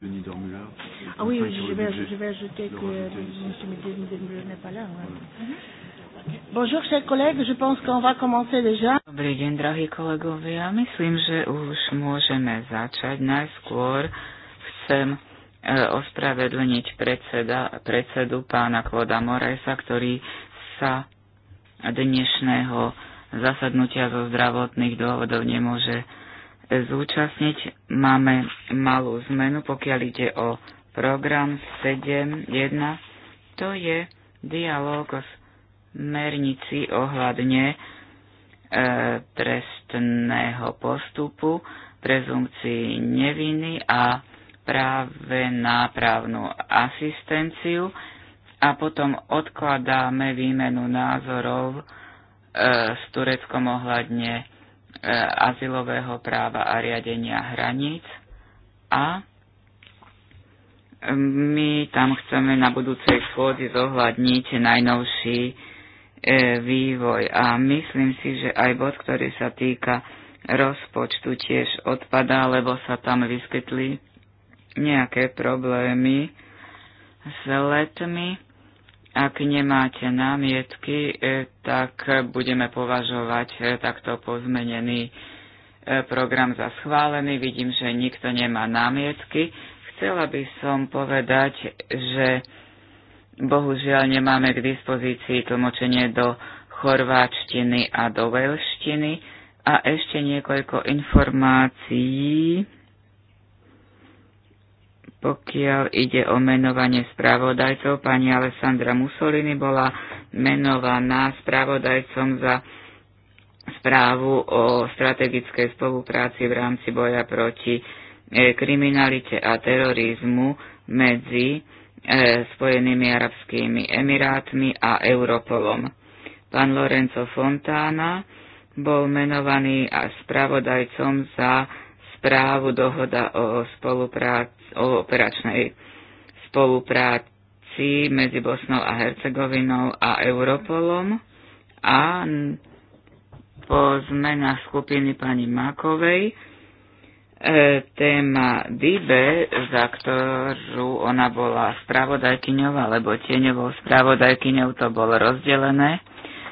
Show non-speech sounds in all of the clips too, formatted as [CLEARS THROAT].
Denis Dormula. Ah oui, oui je, vais, je vais ajouter que M. Dormula n'est pas là. Ouais. Mm -hmm. Bonjour, chers collègues, je pense qu'on va commencer déjà. Dobrý deň, drahí kolegovia. Myslím, že už môžeme začať. Najskôr chcem e, ospravedlniť predseda, predsedu pána Kloda Moresa, ktorý sa dnešného zasadnutia zo zdravotných dôvodov nemôže zúčastniť. Máme malú zmenu, pokiaľ ide o program 7.1. To je dialog o smernici ohľadne e, trestného postupu, prezumcii neviny a práve na právnu asistenciu a potom odkladáme výmenu názorov e, s Tureckom ohľadne E, azylového práva a riadenia hraníc a my tam chceme na budúcej schôdzi zohľadniť najnovší e, vývoj a myslím si, že aj bod, ktorý sa týka rozpočtu tiež odpadá, lebo sa tam vyskytli nejaké problémy s letmi ak nemáte námietky, e, tak budeme považovať e, takto pozmenený e, program za schválený. Vidím, že nikto nemá námietky. Chcela by som povedať, že bohužiaľ nemáme k dispozícii tlmočenie do chorváčtiny a do veľštiny a ešte niekoľko informácií. Pokiaľ ide o menovanie správodajcov, pani Alessandra Mussolini bola menovaná správodajcom za správu o strategickej spolupráci v rámci boja proti e, kriminalite a terorizmu medzi e, Spojenými arabskými emirátmi a Europolom. Pán Lorenzo Fontana bol menovaný a spravodajcom za správu dohoda o spolupráci o operačnej spolupráci medzi Bosnou a Hercegovinou a Europolom a po zmenách skupiny pani Makovej e, téma DIBE, za ktorú ona bola spravodajkyňou alebo tieňovou spravodajkyňou, to bolo rozdelené.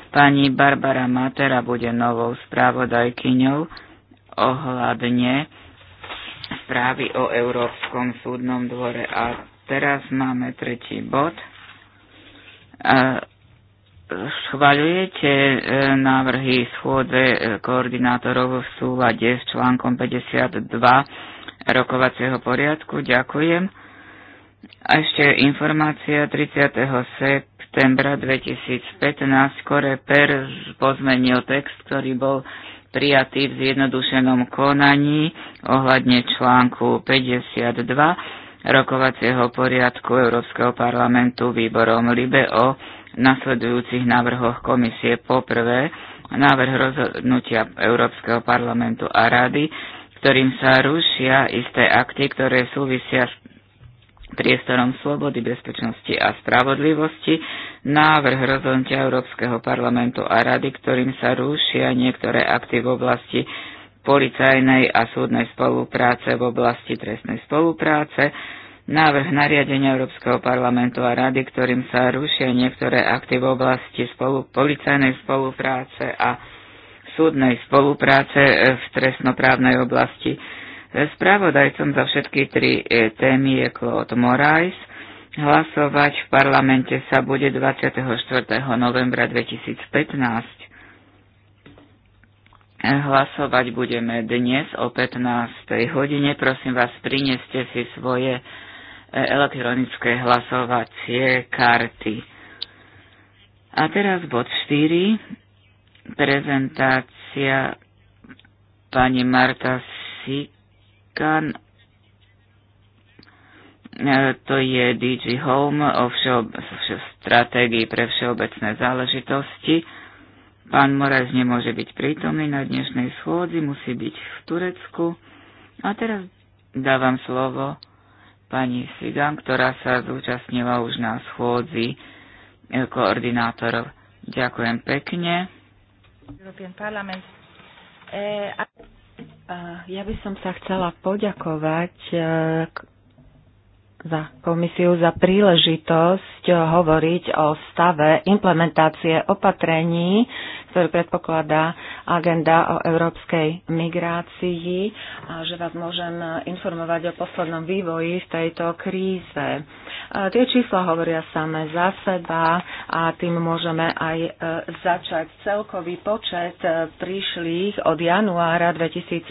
Pani Barbara Matera bude novou spravodajkyňou ohľadne správy o Európskom súdnom dvore. A teraz máme tretí bod. Schvaľujete e, návrhy schôdze e, koordinátorov v súlade s článkom 52 rokovacieho poriadku? Ďakujem. A ešte informácia 30. septembra 2015 Skore Per pozmenil text, ktorý bol prijatý v zjednodušenom konaní ohľadne článku 52 rokovacieho poriadku Európskeho parlamentu výborom LIBE o nasledujúcich návrhoch komisie. Poprvé, návrh rozhodnutia Európskeho parlamentu a rady, ktorým sa rušia isté akty, ktoré súvisia s priestorom slobody, bezpečnosti a spravodlivosti, návrh rozhodnutia Európskeho parlamentu a rady, ktorým sa rúšia niektoré akty v oblasti policajnej a súdnej spolupráce v oblasti trestnej spolupráce, návrh nariadenia Európskeho parlamentu a rady, ktorým sa rušia niektoré akty v oblasti spolu, policajnej spolupráce a súdnej spolupráce e, v trestnoprávnej oblasti. Spravodajcom za všetky tri e, témy je Claude Morais. Hlasovať v parlamente sa bude 24. novembra 2015. Hlasovať budeme dnes o 15. hodine. Prosím vás, prineste si svoje e, elektronické hlasovacie karty. A teraz bod 4. Prezentácia pani Marta Sikan E, to je DG Home o všeob- stratégii pre všeobecné záležitosti. Pán moraz nemôže byť prítomný na dnešnej schôdzi, musí byť v Turecku. A teraz dávam slovo pani Sigan, ktorá sa zúčastnila už na schôdzi e, koordinátorov. Ďakujem pekne. E, ja by som sa chcela poďakovať za komisiu za príležitosť hovoriť o stave implementácie opatrení, ktoré predpokladá agenda o európskej migrácii a že vás môžem informovať o poslednom vývoji v tejto kríze. Tie čísla hovoria same za seba a tým môžeme aj e, začať. Celkový počet e, prišlých od januára 2015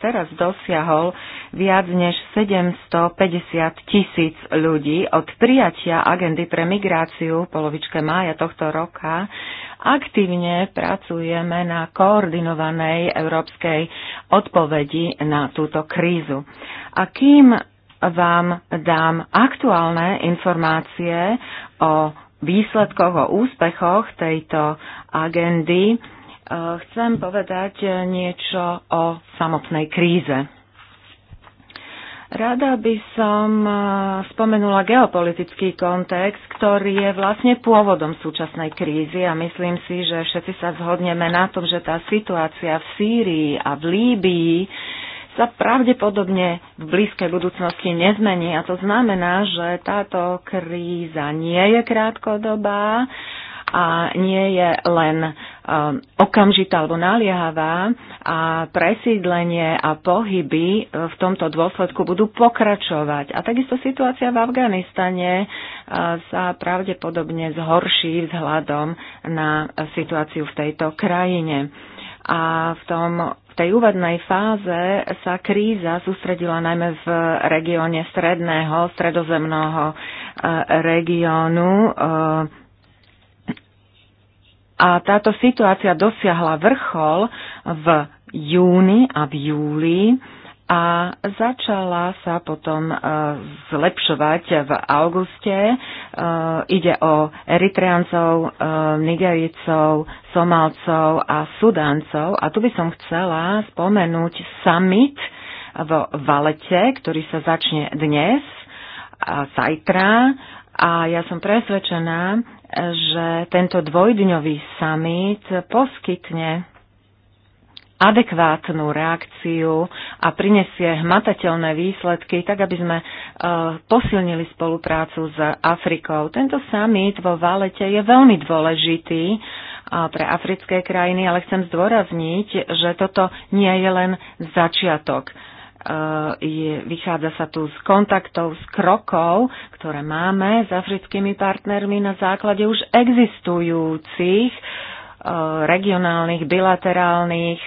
teraz dosiahol viac než 750 tisíc ľudí od prijatia agendy pre migráciu v polovičke mája tohto roka aktívne pracujeme na koordinovanej európskej odpovedi na túto krízu. A kým vám dám aktuálne informácie o výsledkoch, o úspechoch tejto agendy, eh, chcem povedať niečo o samotnej kríze. Rada by som e, spomenula geopolitický kontext, ktorý je vlastne pôvodom súčasnej krízy a myslím si, že všetci sa zhodneme na tom, že tá situácia v Sýrii a v Líbii sa pravdepodobne v blízkej budúcnosti nezmení a to znamená, že táto kríza nie je krátkodobá a nie je len Um, okamžitá alebo naliehavá a presídlenie a pohyby v tomto dôsledku budú pokračovať. A takisto situácia v Afganistane uh, sa pravdepodobne zhorší vzhľadom na situáciu v tejto krajine. A v tom tej úvodnej fáze sa kríza sústredila najmä v regióne stredného, stredozemného uh, regiónu uh, a táto situácia dosiahla vrchol v júni a v júli a začala sa potom e, zlepšovať v auguste. E, ide o Eritreancov, e, Nigericov, Somálcov a Sudáncov. A tu by som chcela spomenúť summit v Valete, ktorý sa začne dnes zajtra. A ja som presvedčená, že tento dvojdňový summit poskytne adekvátnu reakciu a prinesie hmatateľné výsledky, tak aby sme e, posilnili spoluprácu s Afrikou. Tento summit vo Valete je veľmi dôležitý e, pre africké krajiny, ale chcem zdôrazniť, že toto nie je len začiatok. Eh, je, vychádza sa tu z kontaktov, z krokov, ktoré máme s africkými partnermi na základe už existujúcich eh, regionálnych, bilaterálnych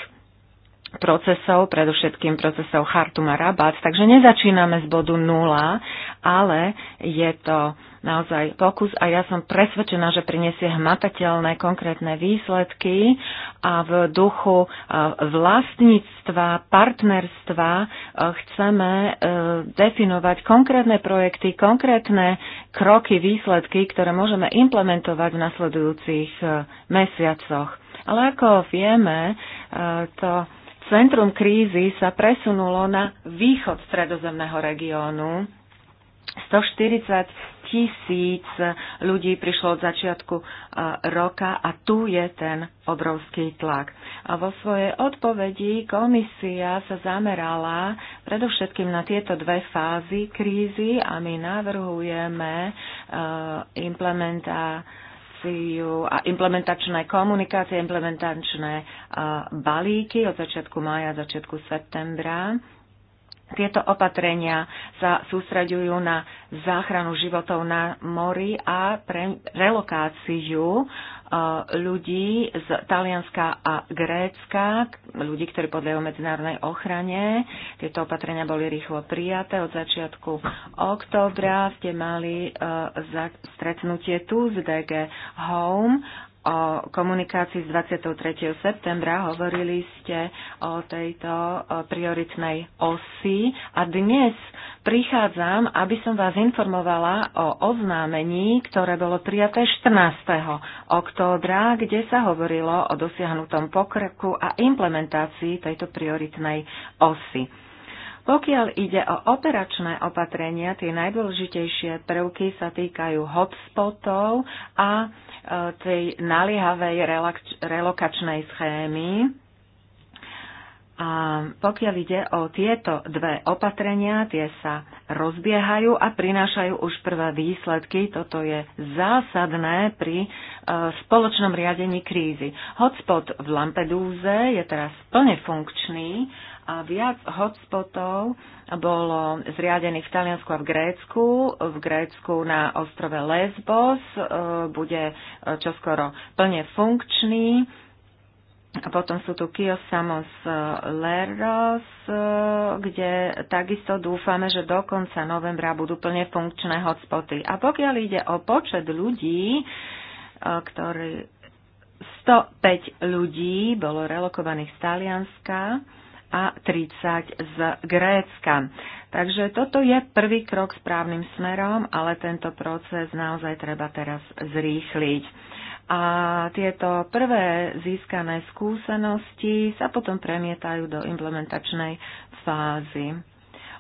procesov, predovšetkým procesov Chartum a Rabat. Takže nezačíname z bodu nula, ale je to naozaj pokus a ja som presvedčená, že prinesie hmatateľné konkrétne výsledky a v duchu e, vlastníctva, partnerstva e, chceme e, definovať konkrétne projekty, konkrétne kroky, výsledky, ktoré môžeme implementovať v nasledujúcich mesiacoch. Ale ako vieme, to centrum krízy sa presunulo na východ stredozemného regiónu. 140 tisíc ľudí prišlo od začiatku e, roka a tu je ten obrovský tlak. A vo svojej odpovedi komisia sa zamerala predovšetkým na tieto dve fázy krízy a my navrhujeme e, implementáciu komunikáciu a implementačné komunikácie, implementačné balíky od začiatku mája, začiatku septembra. Tieto opatrenia sa sústreďujú na záchranu životov na mori a pre, relokáciu ľudí z Talianska a Grécka, ľudí, ktorí podliehajú medzinárodnej ochrane. Tieto opatrenia boli rýchlo prijaté od začiatku októbra. Ste mali eh, stretnutie tu z DG Home o komunikácii z 23. septembra, hovorili ste o tejto prioritnej osi a dnes prichádzam, aby som vás informovala o oznámení, ktoré bolo prijaté 14. októbra, kde sa hovorilo o dosiahnutom pokroku a implementácii tejto prioritnej osy. Pokiaľ ide o operačné opatrenia, tie najdôležitejšie prvky sa týkajú hotspotov a e, tej naliehavej relokačnej schémy. A pokiaľ ide o tieto dve opatrenia, tie sa rozbiehajú a prinášajú už prvé výsledky. Toto je zásadné pri e, spoločnom riadení krízy. Hotspot v Lampedúze je teraz plne funkčný a viac hotspotov bolo zriadených v Taliansku a v Grécku. V Grécku na ostrove Lesbos e, bude e, čoskoro plne funkčný. A potom sú tu Kios Samos e, Leros, kde takisto dúfame, že do konca novembra budú plne funkčné hotspoty. A pokiaľ ide o počet ľudí, ktorí 105 ľudí bolo relokovaných z Talianska, a 30 z Grécka. Takže toto je prvý krok správnym smerom, ale tento proces naozaj treba teraz zrýchliť. A tieto prvé získané skúsenosti sa potom premietajú do implementačnej fázy.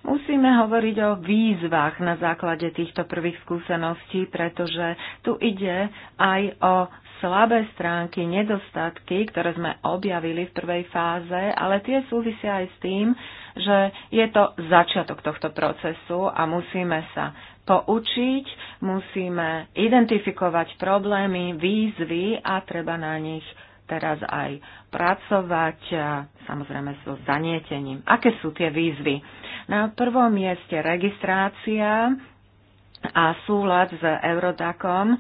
Musíme hovoriť o výzvach na základe týchto prvých skúseností, pretože tu ide aj o slabé stránky, nedostatky, ktoré sme objavili v prvej fáze, ale tie súvisia aj s tým, že je to začiatok tohto procesu a musíme sa poučiť, musíme identifikovať problémy, výzvy a treba na nich teraz aj pracovať, samozrejme so zanietením. Aké sú tie výzvy? Na prvom mieste registrácia a súlad s Eurodacom.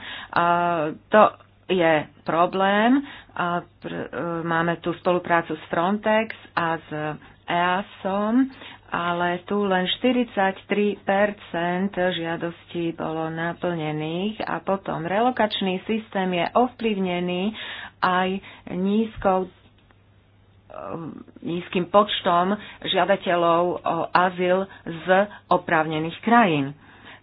To je problém. A pr- e, máme tu spoluprácu s Frontex a s EASom, ale tu len 43% žiadostí bolo naplnených a potom relokačný systém je ovplyvnený aj nízkou e, nízkym počtom žiadateľov o azyl z oprávnených krajín.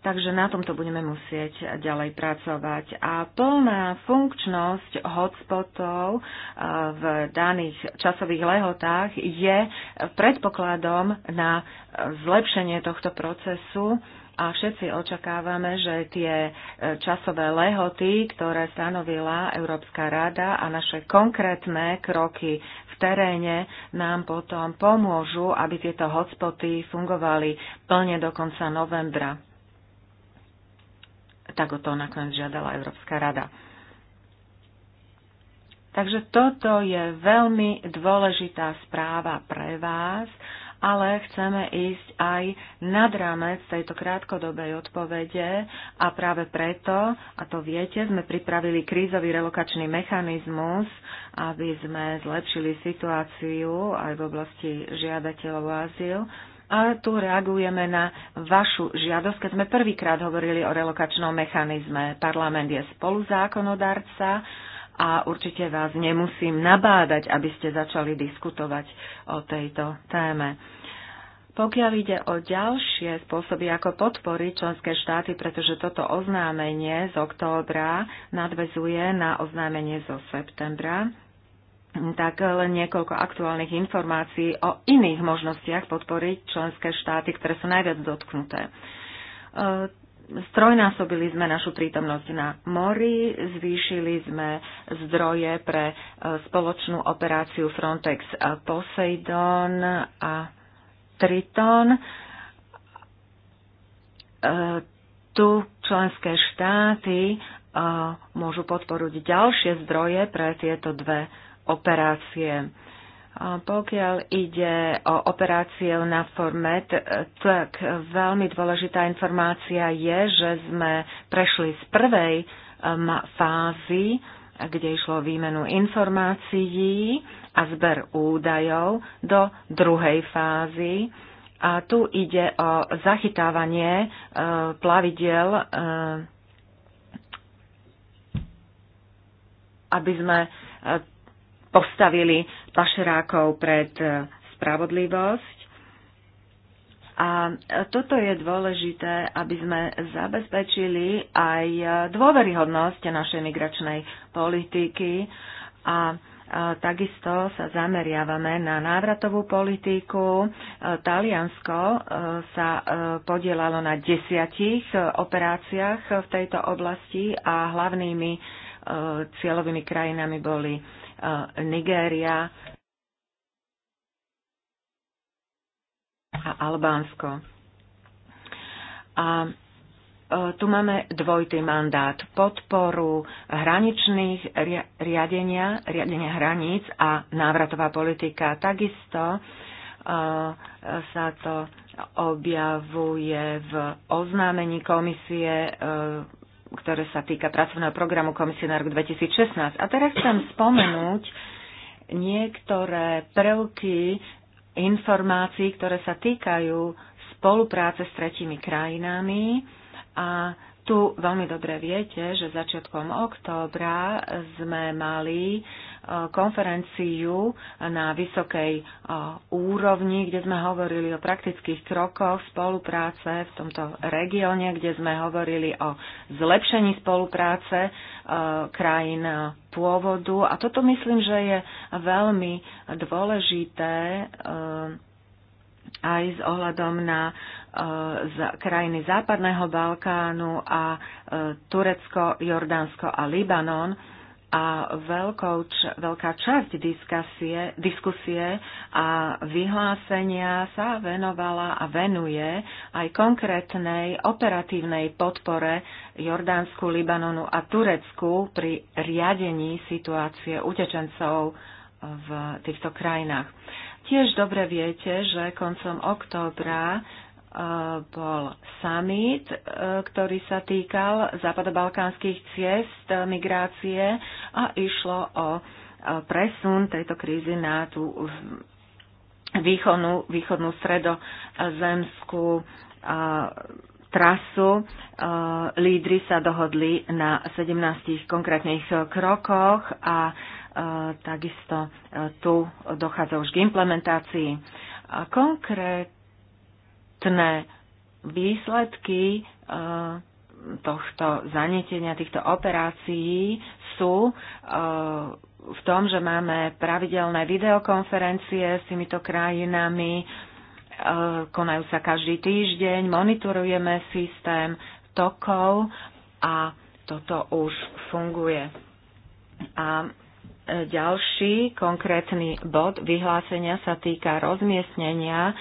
Takže na tomto budeme musieť ďalej pracovať. A plná funkčnosť hotspotov eh, v daných časových lehotách je predpokladom na zlepšenie tohto procesu a všetci očakávame, že tie eh, časové lehoty, ktoré stanovila Európska rada a naše konkrétne kroky v teréne nám potom pomôžu, aby tieto hotspoty fungovali plne do konca novembra tak o to nakoniec žiadala Európska rada. Takže toto je veľmi dôležitá správa pre vás, ale chceme ísť aj nad rámec tejto krátkodobej odpovede a práve preto, a to viete, sme pripravili krízový relokačný mechanizmus, aby sme zlepšili situáciu aj v oblasti žiadateľov o azyl a tu reagujeme na vašu žiadosť, keď sme prvýkrát hovorili o relokačnom mechanizme. Parlament je spoluzákonodarca a určite vás nemusím nabádať, aby ste začali diskutovať o tejto téme. Pokiaľ ide o ďalšie spôsoby, ako podporiť členské štáty, pretože toto oznámenie z októbra nadvezuje na oznámenie zo septembra, tak len niekoľko aktuálnych informácií o iných možnostiach podporiť členské štáty, ktoré sú najviac dotknuté. E, strojnásobili sme našu prítomnosť na mori, zvýšili sme zdroje pre e, spoločnú operáciu Frontex Poseidon a Triton. E, tu členské štáty môžu podporiť ďalšie zdroje pre tieto dve operácie. Pokiaľ ide o operácie na format, tak veľmi dôležitá informácia je, že sme prešli z prvej fázy, kde išlo výmenu informácií a zber údajov, do druhej fázy. A tu ide o zachytávanie e, plavidel, e, aby sme e, postavili pašerákov pred e, spravodlivosť. A e, toto je dôležité, aby sme zabezpečili aj e, dôveryhodnosť našej migračnej politiky a Takisto sa zameriavame na návratovú politiku. Taliansko sa podielalo na desiatich operáciách v tejto oblasti a hlavnými cieľovými krajinami boli Eh, Nigéria a Albánsko. A eh, tu máme dvojitý mandát. Podporu hraničných riadenia, riadenia hraníc a návratová politika. Takisto eh, sa to objavuje v oznámení komisie ktoré sa týka pracovného programu Komisie na rok 2016. A teraz chcem spomenúť niektoré prvky informácií, ktoré sa týkajú spolupráce s tretimi krajinami a tu veľmi dobre viete, že začiatkom októbra sme mali konferenciu na vysokej e, úrovni, kde sme hovorili o praktických krokoch spolupráce v tomto regióne, kde sme hovorili o zlepšení spolupráce e, krajín pôvodu. A toto myslím, že je veľmi dôležité e, aj s ohľadom na z krajiny Západného Balkánu a Turecko, Jordánsko a Libanon a veľkou, veľká časť diskusie, diskusie a vyhlásenia sa venovala a venuje aj konkrétnej operatívnej podpore Jordánsku, Libanonu a Turecku pri riadení situácie utečencov v týchto krajinách. Tiež dobre viete, že koncom októbra bol summit, e, ktorý sa týkal západobalkánskych ciest, e, migrácie a išlo o e, presun tejto krízy na tú východnú, východnú stredozemskú trasu. Lídry sa dohodli na 17 konkrétnych krokoch a takisto tu dochádza už k implementácii. Konkrét kvalitné výsledky e, tohto zanetenia, týchto operácií sú e, v tom, že máme pravidelné videokonferencie s týmito krajinami, e, konajú sa každý týždeň, monitorujeme systém tokov a toto už funguje. A ďalší konkrétny bod vyhlásenia sa týka rozmiestnenia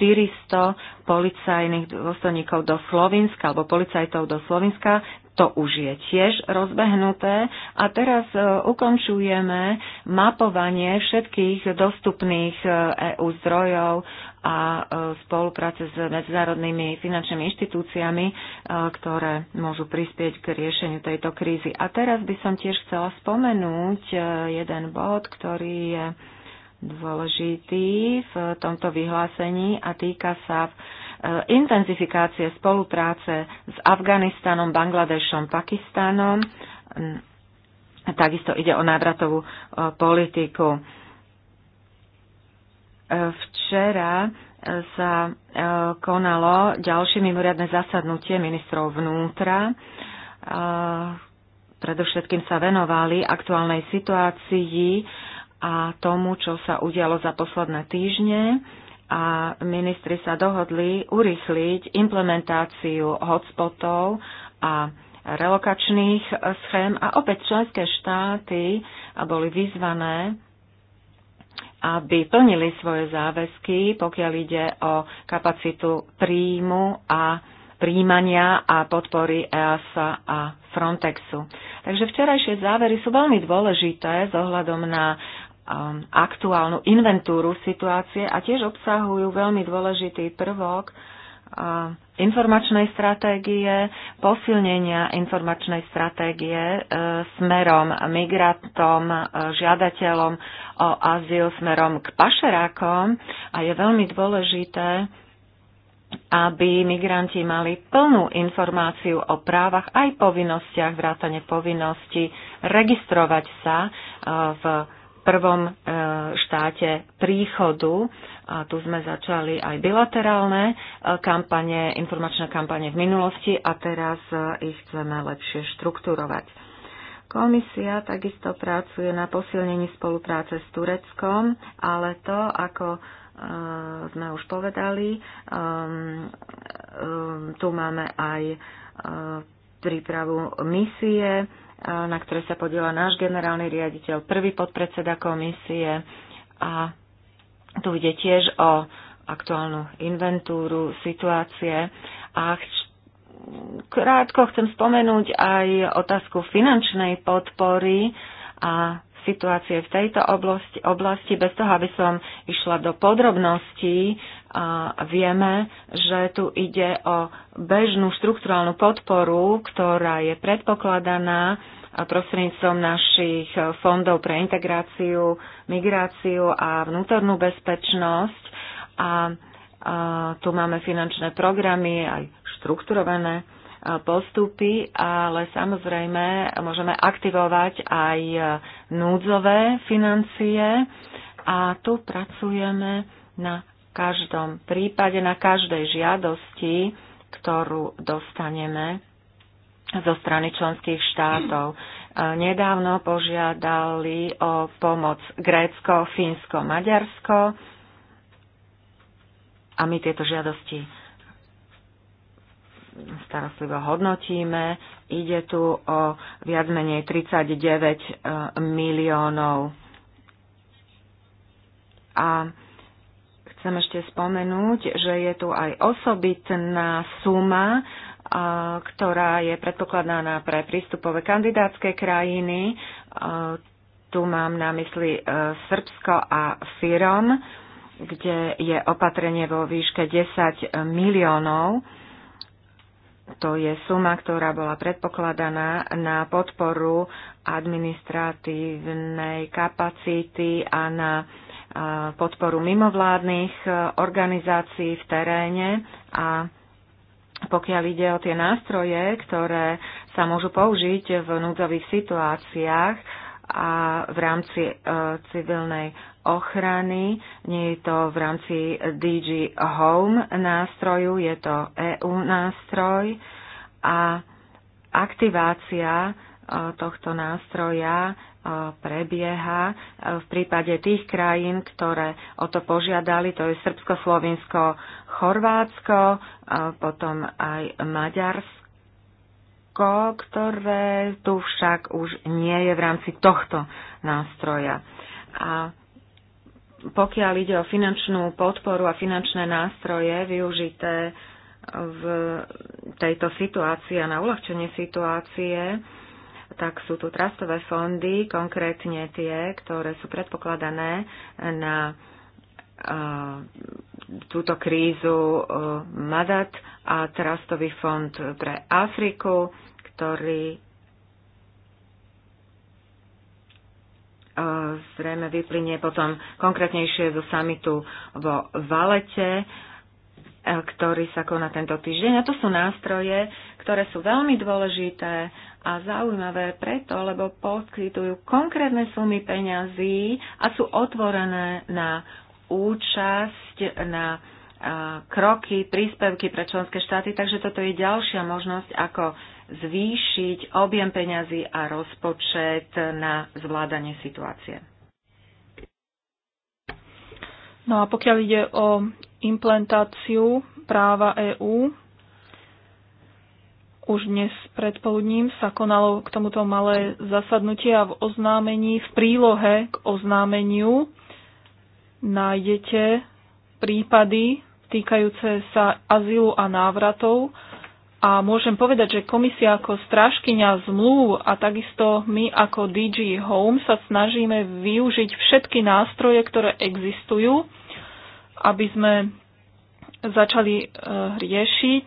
400 policajných dôstojníkov do Slovenska alebo policajtov do Slovenska, To už je tiež rozbehnuté a teraz e, ukončujeme mapovanie všetkých dostupných EU e zdrojov a e, spolupráce s medzinárodnými finančnými inštitúciami, ktoré môžu prispieť k riešeniu tejto krízy. A teraz by som tiež chcela spomenúť jeden bod, ktorý je dôležitý v tomto vyhlásení a týka sa e, intenzifikácie spolupráce s Afganistanom, Bangladešom, Pakistanom. Takisto ide o návratovú e, politiku. E, včera sa konalo ďalšie mimoriadne zasadnutie ministrov vnútra, predovšetkým sa venovali aktuálnej situácii a tomu, čo sa udialo za posledné týždne a ministri sa dohodli urychliť implementáciu hotspotov a relokačných schém a opäť členské štáty boli vyzvané aby plnili svoje záväzky, pokiaľ ide o kapacitu príjmu a príjmania a podpory EASA a Frontexu. Takže včerajšie závery sú veľmi dôležité s ohľadom na Um, aktuálnu inventúru situácie a tiež obsahujú veľmi dôležitý prvok uh, informačnej stratégie, posilnenia informačnej stratégie uh, smerom migrantom, uh, žiadateľom o azyl, smerom k pašerákom a je veľmi dôležité, aby migranti mali plnú informáciu o právach aj povinnostiach, vrátane povinnosti registrovať sa v prvom e, štáte príchodu. A tu sme začali aj bilaterálne e, kampane, informačné kampane v minulosti a teraz e, ich chceme lepšie štrukturovať. Komisia takisto pracuje na posilnení spolupráce s Tureckom, ale to, ako sme už povedali, tu máme aj prípravu misie na ktoré sa podiela náš generálny riaditeľ, prvý podpredseda komisie a tu ide tiež o aktuálnu inventúru situácie a krátko chcem spomenúť aj otázku finančnej podpory a situácie v tejto oblasti, oblasti bez toho, aby som išla do podrobností. A vieme, že tu ide o bežnú štruktúrálnu podporu, ktorá je predpokladaná prostredníctvom našich fondov pre integráciu, migráciu a vnútornú bezpečnosť. A, a tu máme finančné programy, aj štrukturované postupy, ale samozrejme môžeme aktivovať aj e, núdzové financie a tu pracujeme na každom prípade, na každej žiadosti, ktorú dostaneme zo strany členských štátov. E, nedávno požiadali o pomoc Grécko, Fínsko, Maďarsko a my tieto žiadosti starostlivo hodnotíme. Ide tu o viac menej 39 e, miliónov. A chcem ešte spomenúť, že je tu aj osobitná suma, e, ktorá je predpokladaná pre prístupové kandidátske krajiny. E, tu mám na mysli Srbsko a Firom, kde je opatrenie vo výške 10 miliónov to je suma, ktorá bola predpokladaná na podporu administratívnej kapacity a na podporu mimovládnych e, organizácií v teréne a pokiaľ ide o tie nástroje, ktoré sa môžu použiť v núdzových situáciách a v rámci e, civilnej ochrany. Nie je to v rámci DG Home nástroju, je to EU nástroj a aktivácia e, tohto nástroja e, prebieha e, v prípade tých krajín, ktoré o to požiadali, to je Srbsko, Slovinsko, Chorvátsko, potom aj Maďarsko, ktoré tu však už nie je v rámci tohto nástroja. A pokiaľ ide o finančnú podporu a finančné nástroje využité v tejto situácii a na uľahčenie situácie, tak sú tu trastové fondy, konkrétne tie, ktoré sú predpokladané na túto krízu Madat a Trastový fond pre Afriku, ktorý zrejme vyplynie potom konkrétnejšie zo samitu vo Valete, e, ktorý sa koná tento týždeň. A to sú nástroje, ktoré sú veľmi dôležité a zaujímavé preto, lebo poskytujú konkrétne sumy peňazí a sú otvorené na účasť, na e, kroky, príspevky pre členské štáty. Takže toto je ďalšia možnosť, ako zvýšiť objem peňazí a rozpočet na zvládanie situácie. No a pokiaľ ide o implantáciu práva EÚ, už dnes predpoludním sa konalo k tomuto malé zasadnutie a v oznámení, v prílohe k oznámeniu nájdete prípady týkajúce sa azylu a návratov, a môžem povedať, že komisia ako strážkyňa zmluv a takisto my ako DG Home sa snažíme využiť všetky nástroje, ktoré existujú, aby sme začali e, riešiť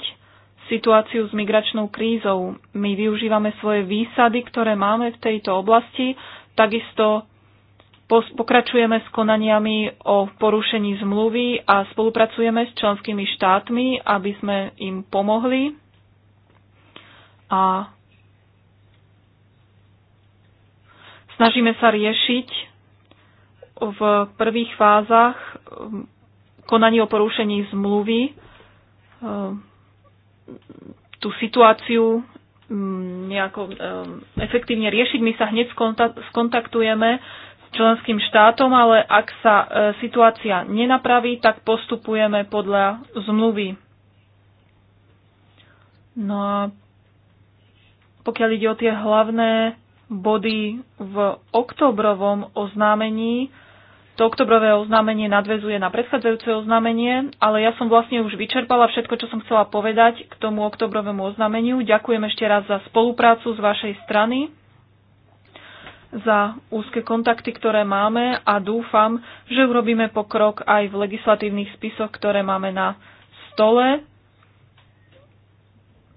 situáciu s migračnou krízou. My využívame svoje výsady, ktoré máme v tejto oblasti, takisto pokračujeme s konaniami o porušení zmluvy a spolupracujeme s členskými štátmi, aby sme im pomohli a snažíme sa riešiť v prvých fázach um, konanie o porušení zmluvy um, tú situáciu um, nejako efektívne riešiť. My sa hneď skontaktujeme s členským štátom, ale ak sa e, situácia nenapraví, tak postupujeme podľa zmluvy. No a pokiaľ ide o tie hlavné body v oktobrovom oznámení, to oktobrové oznámenie nadvezuje na predchádzajúce oznámenie, ale ja som vlastne už vyčerpala všetko, čo som chcela povedať k tomu oktobrovému oznámeniu. Ďakujem ešte raz za spoluprácu z vašej strany, za úzke kontakty, ktoré máme a dúfam, že urobíme pokrok aj v legislatívnych spisoch, ktoré máme na stole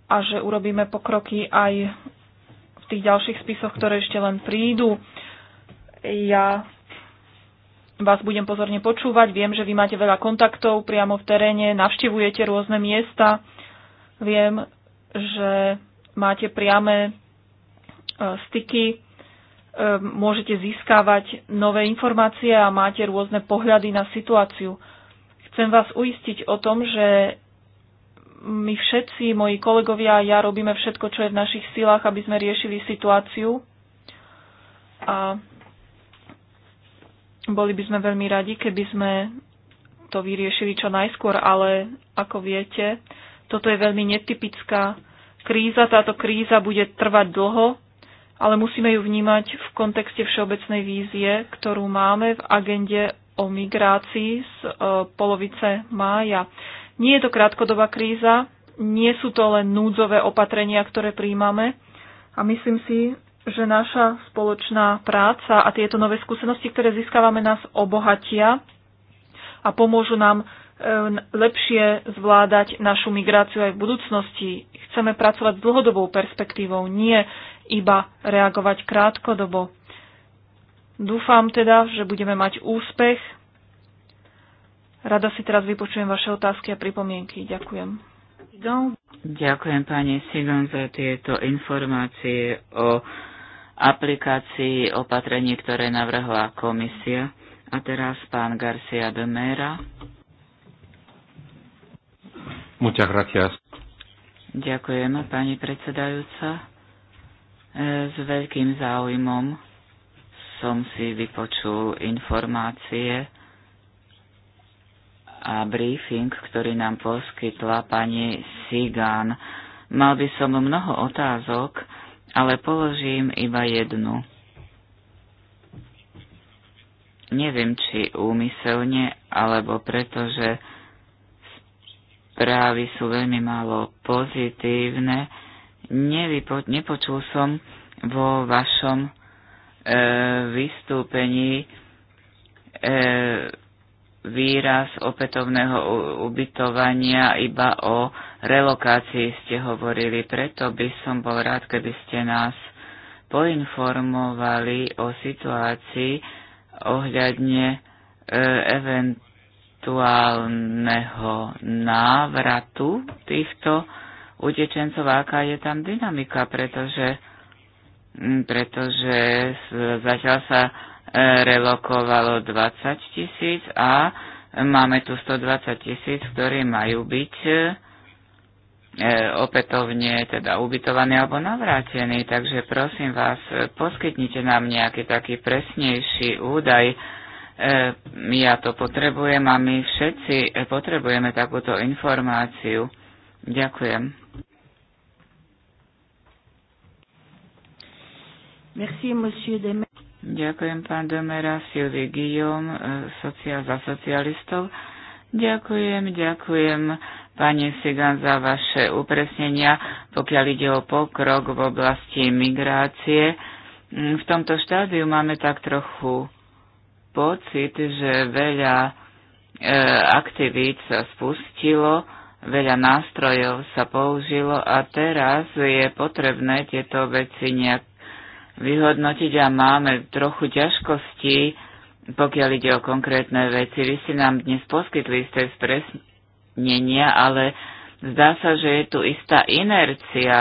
a že urobíme pokroky aj v tých ďalších spisoch, ktoré ešte len prídu. Ja vás budem pozorne počúvať. Viem, že vy máte veľa kontaktov priamo v teréne, navštevujete rôzne miesta. Viem, že máte priame e, styky, e, môžete získavať nové informácie a máte rôzne pohľady na situáciu. Chcem vás uistiť o tom, že my všetci, moji kolegovia a ja robíme všetko, čo je v našich silách, aby sme riešili situáciu. A boli by sme veľmi radi, keby sme to vyriešili čo najskôr, ale ako viete, toto je veľmi netypická kríza. Táto kríza bude trvať dlho, ale musíme ju vnímať v kontexte všeobecnej vízie, ktorú máme v agende o migrácii z e, polovice mája. Nie je to krátkodobá kríza, nie sú to len núdzové opatrenia, ktoré príjmame a myslím si, že naša spoločná práca a tieto nové skúsenosti, ktoré získavame, nás obohatia a pomôžu nám e, lepšie zvládať našu migráciu aj v budúcnosti. Chceme pracovať s dlhodobou perspektívou, nie iba reagovať krátkodobo. Dúfam teda, že budeme mať úspech Rada si teraz vypočujem vaše otázky a pripomienky. Ďakujem. Ďakujem pani Sidon za tieto informácie o aplikácii opatrení, ktoré navrhla komisia. A teraz pán Garcia de Mera. Muchas gracias. Ďakujem, pani predsedajúca. E, s veľkým záujmom som si vypočul informácie a briefing, ktorý nám poskytla pani Sigan. Mal by som mnoho otázok, ale položím iba jednu. Neviem, či úmyselne, alebo pretože správy sú veľmi málo pozitívne. Nevypo- nepočul som vo vašom e, vystúpení e, výraz opätovného ubytovania iba o relokácii ste hovorili. Preto by som bol rád, keby ste nás poinformovali o situácii ohľadne e, eventuálneho návratu týchto utečencov, aká je tam dynamika, pretože, pretože zatiaľ sa relokovalo 20 tisíc a máme tu 120 tisíc, ktorí majú byť e, opätovne teda ubytovaní alebo navrátení. Takže prosím vás, poskytnite nám nejaký taký presnejší údaj. E, ja to potrebujem a my všetci potrebujeme takúto informáciu. Ďakujem. Merci, monsieur Demet. Ďakujem pán Domera, Silvi Guillaume, e, sociál za socialistov. Ďakujem, ďakujem pani Sigan za vaše upresnenia, pokiaľ ide o pokrok v oblasti migrácie. Mm, v tomto štádiu máme tak trochu pocit, že veľa e, aktivít sa spustilo, veľa nástrojov sa použilo a teraz je potrebné tieto veci nejak vyhodnotiť a máme trochu ťažkosti, pokiaľ ide o konkrétne veci. Vy ste nám dnes poskytli isté spresnenia, ale zdá sa, že je tu istá inercia.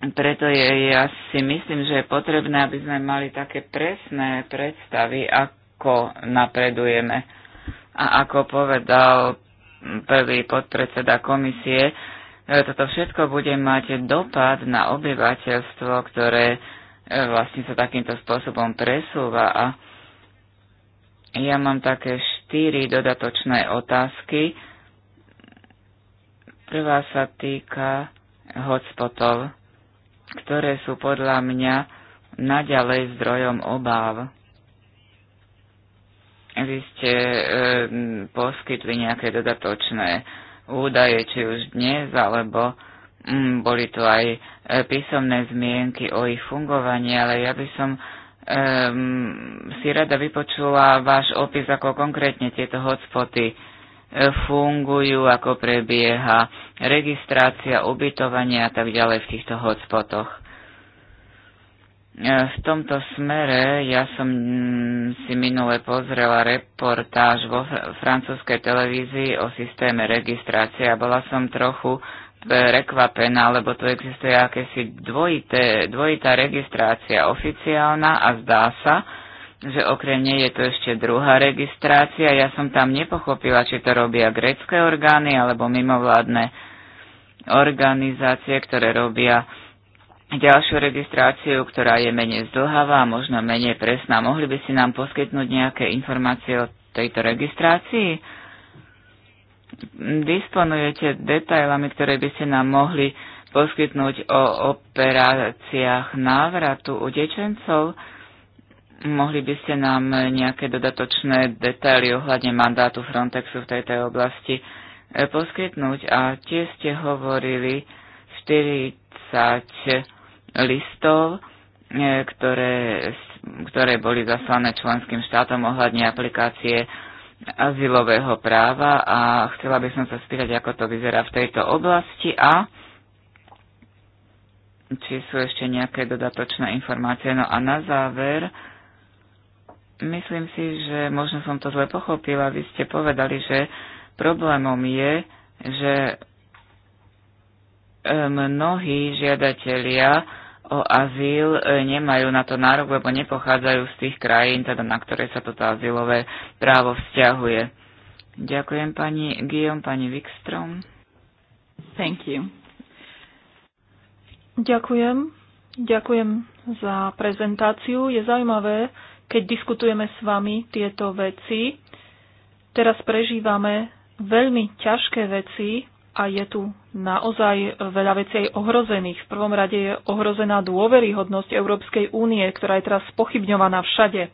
E, preto je, ja si myslím, že je potrebné, aby sme mali také presné predstavy, ako napredujeme. A ako povedal prvý podpredseda komisie, E, toto všetko bude mať dopad na obyvateľstvo, ktoré e, vlastne sa takýmto spôsobom presúva a ja mám také štyri dodatočné otázky. Prvá sa týka hotspotov, ktoré sú podľa mňa naďalej zdrojom obáv. Vy ste e, poskytli nejaké dodatočné údaje, či už dnes, alebo mm, boli tu aj e, písomné zmienky o ich fungovaní, ale ja by som e, si rada vypočula váš opis, ako konkrétne tieto hotspoty e, fungujú, ako prebieha registrácia, ubytovanie a tak ďalej v týchto hotspotoch. E, v tomto smere ja som mm, si minule pozrela reportáž vo francúzskej televízii o systéme registrácie a bola som trochu prekvapená, lebo tu existuje akési dvojité, dvojitá registrácia oficiálna a zdá sa, že okrem nej je to ešte druhá registrácia. Ja som tam nepochopila, či to robia grecké orgány alebo mimovládne organizácie, ktoré robia ďalšiu registráciu, ktorá je menej zdlhavá, možno menej presná. Mohli by si nám poskytnúť nejaké informácie o tejto registrácii? Disponujete detailami, ktoré by ste nám mohli poskytnúť o operáciách návratu u dečencov? Mohli by ste nám nejaké dodatočné detaily ohľadne mandátu Frontexu v tejto oblasti eh, poskytnúť? A tiež ste hovorili 40 listov, e, ktoré, ktoré boli zaslané členským štátom ohľadne aplikácie azylového práva a chcela by som sa spýtať, ako to vyzerá v tejto oblasti a či sú ešte nejaké dodatočné informácie. No a na záver, myslím si, že možno som to zle pochopila, vy ste povedali, že problémom je, že e, mnohí žiadatelia o azyl e, nemajú na to nárok, lebo nepochádzajú z tých krajín, teda na ktoré sa toto azylové právo vzťahuje. Ďakujem pani Guillaume, pani Wikström. Thank you. Ďakujem. Ďakujem za prezentáciu. Je zaujímavé, keď diskutujeme s vami tieto veci. Teraz prežívame veľmi ťažké veci a je tu naozaj veľa vecí aj ohrozených. V prvom rade je ohrozená dôveryhodnosť Európskej únie, ktorá je teraz spochybňovaná všade.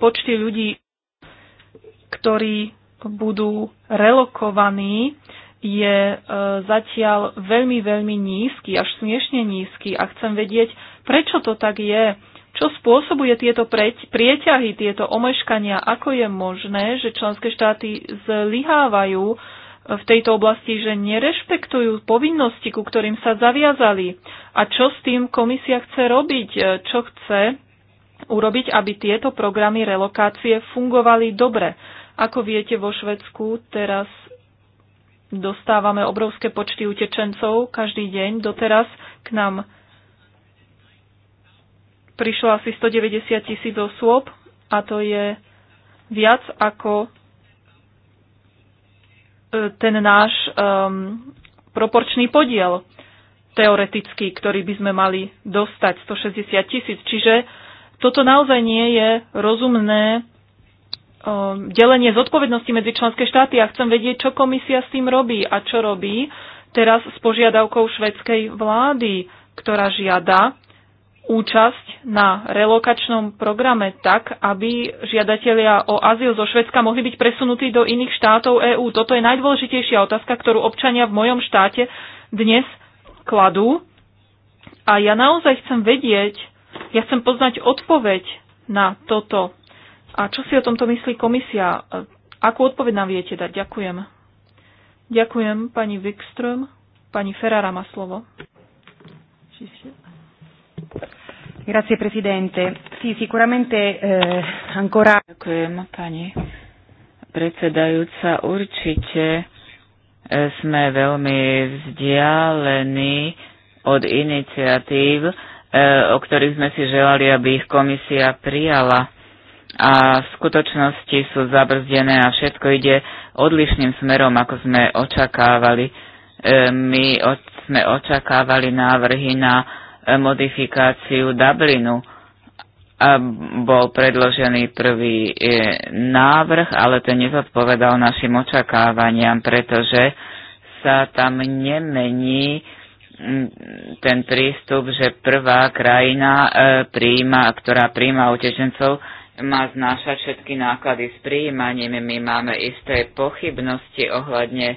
Počty ľudí, ktorí budú relokovaní, je e, zatiaľ veľmi, veľmi nízky, až smiešne nízky. A chcem vedieť, prečo to tak je, čo spôsobuje tieto prieťahy, tieto omeškania, ako je možné, že členské štáty zlyhávajú v tejto oblasti, že nerešpektujú povinnosti, ku ktorým sa zaviazali. A čo s tým komisia chce robiť? E, čo chce urobiť, aby tieto programy relokácie fungovali dobre? Ako viete, vo Švedsku teraz dostávame obrovské počty utečencov každý deň. Doteraz k nám prišlo asi 190 tisíc osôb a to je viac ako ten náš um, proporčný podiel teoretický, ktorý by sme mali dostať, 160 tisíc. Čiže toto naozaj nie je rozumné um, delenie zodpovednosti medzi členské štáty. Ja chcem vedieť, čo komisia s tým robí a čo robí teraz s požiadavkou švedskej vlády, ktorá žiada účasť na relokačnom programe tak, aby žiadatelia o azyl zo Švedska mohli byť presunutí do iných štátov EÚ. Toto je najdôležitejšia otázka, ktorú občania v mojom štáte dnes kladú. A ja naozaj chcem vedieť, ja chcem poznať odpoveď na toto. A čo si o tomto myslí komisia? Akú odpoveď nám viete dať? Ďakujem. Ďakujem pani Wikström. Pani Ferrara má slovo. Čiže? Grazie Presidente. Sì, sicuramente eh, ancora... Ďakujem, pani predsedajúca. Určite eh, sme veľmi vzdialení od iniciatív, eh, o ktorých sme si želali, aby ich komisia prijala. A v skutočnosti sú zabrzdené a všetko ide odlišným smerom, ako sme očakávali. Eh, My od, sme očakávali návrhy na eh, modifikáciu Dublinu. A bol predložený prvý e, návrh, ale to nezodpovedal našim očakávaniam, pretože sa tam nemení ten prístup, že prvá krajina, e, príjma, ktorá príjma utečencov, má znášať všetky náklady s príjmaním. My máme isté pochybnosti ohľadne e,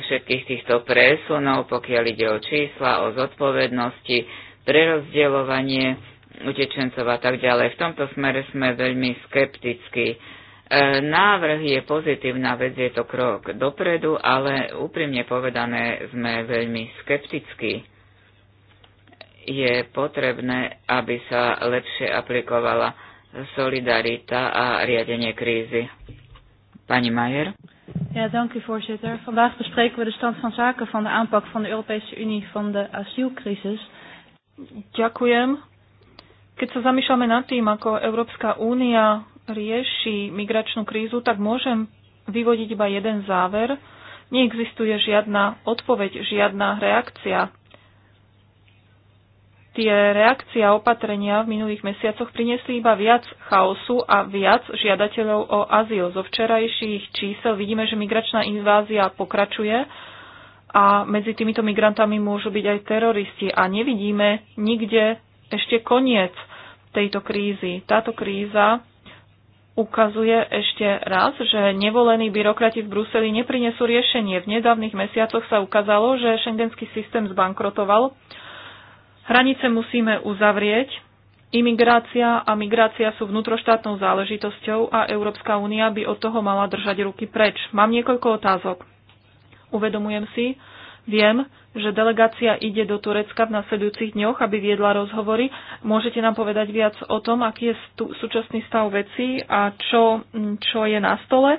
všetkých týchto presunov, pokiaľ ide o čísla, o zodpovednosti, prerozdeľovanie utečencov a tak ďalej. V tomto smere sme veľmi skeptickí. E, návrh je pozitívna vec, je to krok dopredu, ale úprimne povedané sme veľmi skeptickí. Je potrebné, aby sa lepšie aplikovala solidarita a riadenie krízy. Pani Majer. Ja, dank u voorzitter. Vandaag bespreken we de stand van zaken van de aanpak van de Europese Unie van de asielcrisis. Ďakujem. Keď sa zamýšľame nad tým, ako Európska únia rieši migračnú krízu, tak môžem vyvodiť iba jeden záver. Neexistuje žiadna odpoveď, žiadna reakcia. Tie reakcie a opatrenia v minulých mesiacoch priniesli iba viac chaosu a viac žiadateľov o azyl. Zo včerajších čísel vidíme, že migračná invázia pokračuje a medzi týmito migrantami môžu byť aj teroristi a nevidíme nikde ešte koniec tejto krízy. Táto kríza ukazuje ešte raz, že nevolení byrokrati v Bruseli neprinesú riešenie. V nedávnych mesiacoch sa ukázalo, že šengenský systém zbankrotoval. Hranice musíme uzavrieť. Imigrácia a migrácia sú vnútroštátnou záležitosťou a Európska únia by od toho mala držať ruky preč. Mám niekoľko otázok. Uvedomujem si, viem, že delegácia ide do Turecka v nasledujúcich dňoch, aby viedla rozhovory. Môžete nám povedať viac o tom, aký je súčasný stav veci a čo, čo je na stole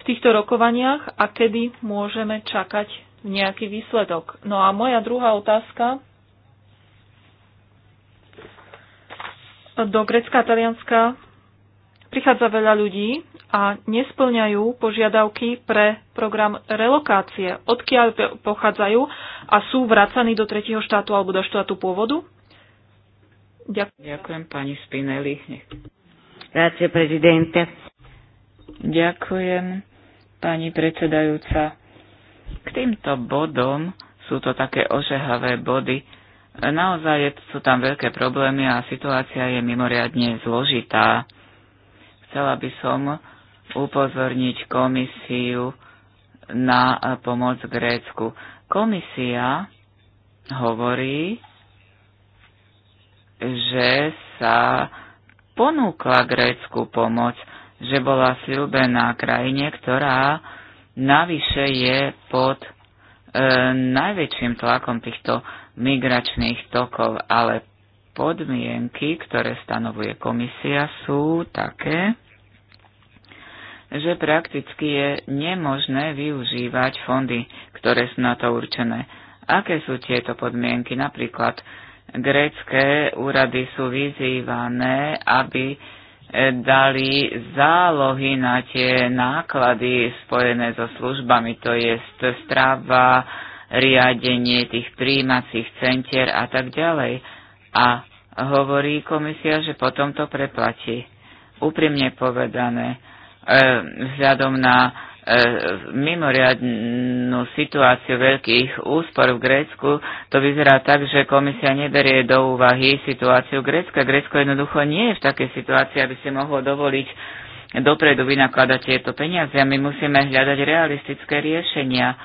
v týchto rokovaniach a kedy môžeme čakať nejaký výsledok. No a moja druhá otázka do Grecka a Talianska prichádza veľa ľudí a nesplňajú požiadavky pre program relokácie, odkiaľ pochádzajú a sú vracaní do tretieho štátu alebo do štátu pôvodu? Ďakujem. Ďakujem pani Spinelli. Grazie, prezidente. Ďakujem, pani predsedajúca. K týmto bodom sú to také ožehavé body. Naozaj sú tam veľké problémy a situácia je mimoriadne zložitá Chcela by som upozorniť komisiu na pomoc Grécku. Komisia hovorí, že sa ponúkla Grécku pomoc, že bola slúbená krajine, ktorá navyše je pod e, najväčším tlakom týchto migračných tokov, ale podmienky, ktoré stanovuje komisia, sú také, že prakticky je nemožné využívať fondy, ktoré sú na to určené. Aké sú tieto podmienky? Napríklad grécké úrady sú vyzývané, aby e, dali zálohy na tie náklady spojené so službami, to je strava, riadenie tých príjímacích centier a tak ďalej. A hovorí komisia, že potom to preplatí. Úprimne povedané, e, vzhľadom na e, mimoriadnú situáciu veľkých úspor v Grécku, to vyzerá tak, že komisia neberie do úvahy situáciu Grécka. Grécko jednoducho nie je v takej situácii, aby si mohlo dovoliť dopredu vynakladať tieto peniaze a my musíme hľadať realistické riešenia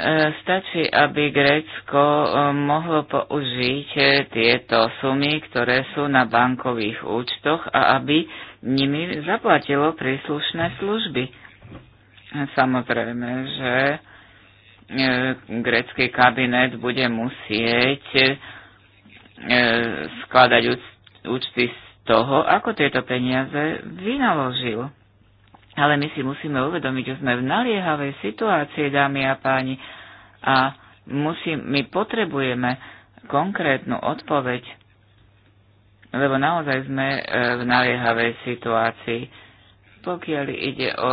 E, stačí, aby Grécko e, mohlo použiť e, tieto sumy, ktoré sú na bankových účtoch a aby nimi zaplatilo príslušné služby. Samozrejme, že grécky kabinet bude musieť skladať účty z toho, ako tieto peniaze vynaložil. Ale my si musíme uvedomiť, že sme v naliehavej situácii, dámy a páni, a musí, my potrebujeme konkrétnu odpoveď, lebo naozaj sme e, v naliehavej situácii, pokiaľ ide o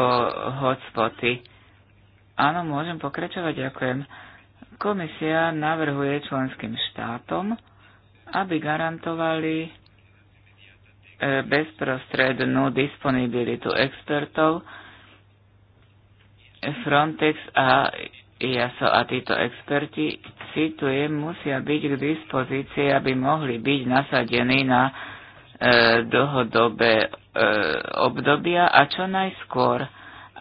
hotspoty. Áno, môžem pokračovať, ďakujem. Komisia navrhuje členským štátom, aby garantovali E, bezprostrednú disponibilitu expertov Frontex a IASO a títo experti, citujem, musia byť k dispozícii, aby mohli byť nasadení na e, dlhodobé e, obdobia a čo najskôr.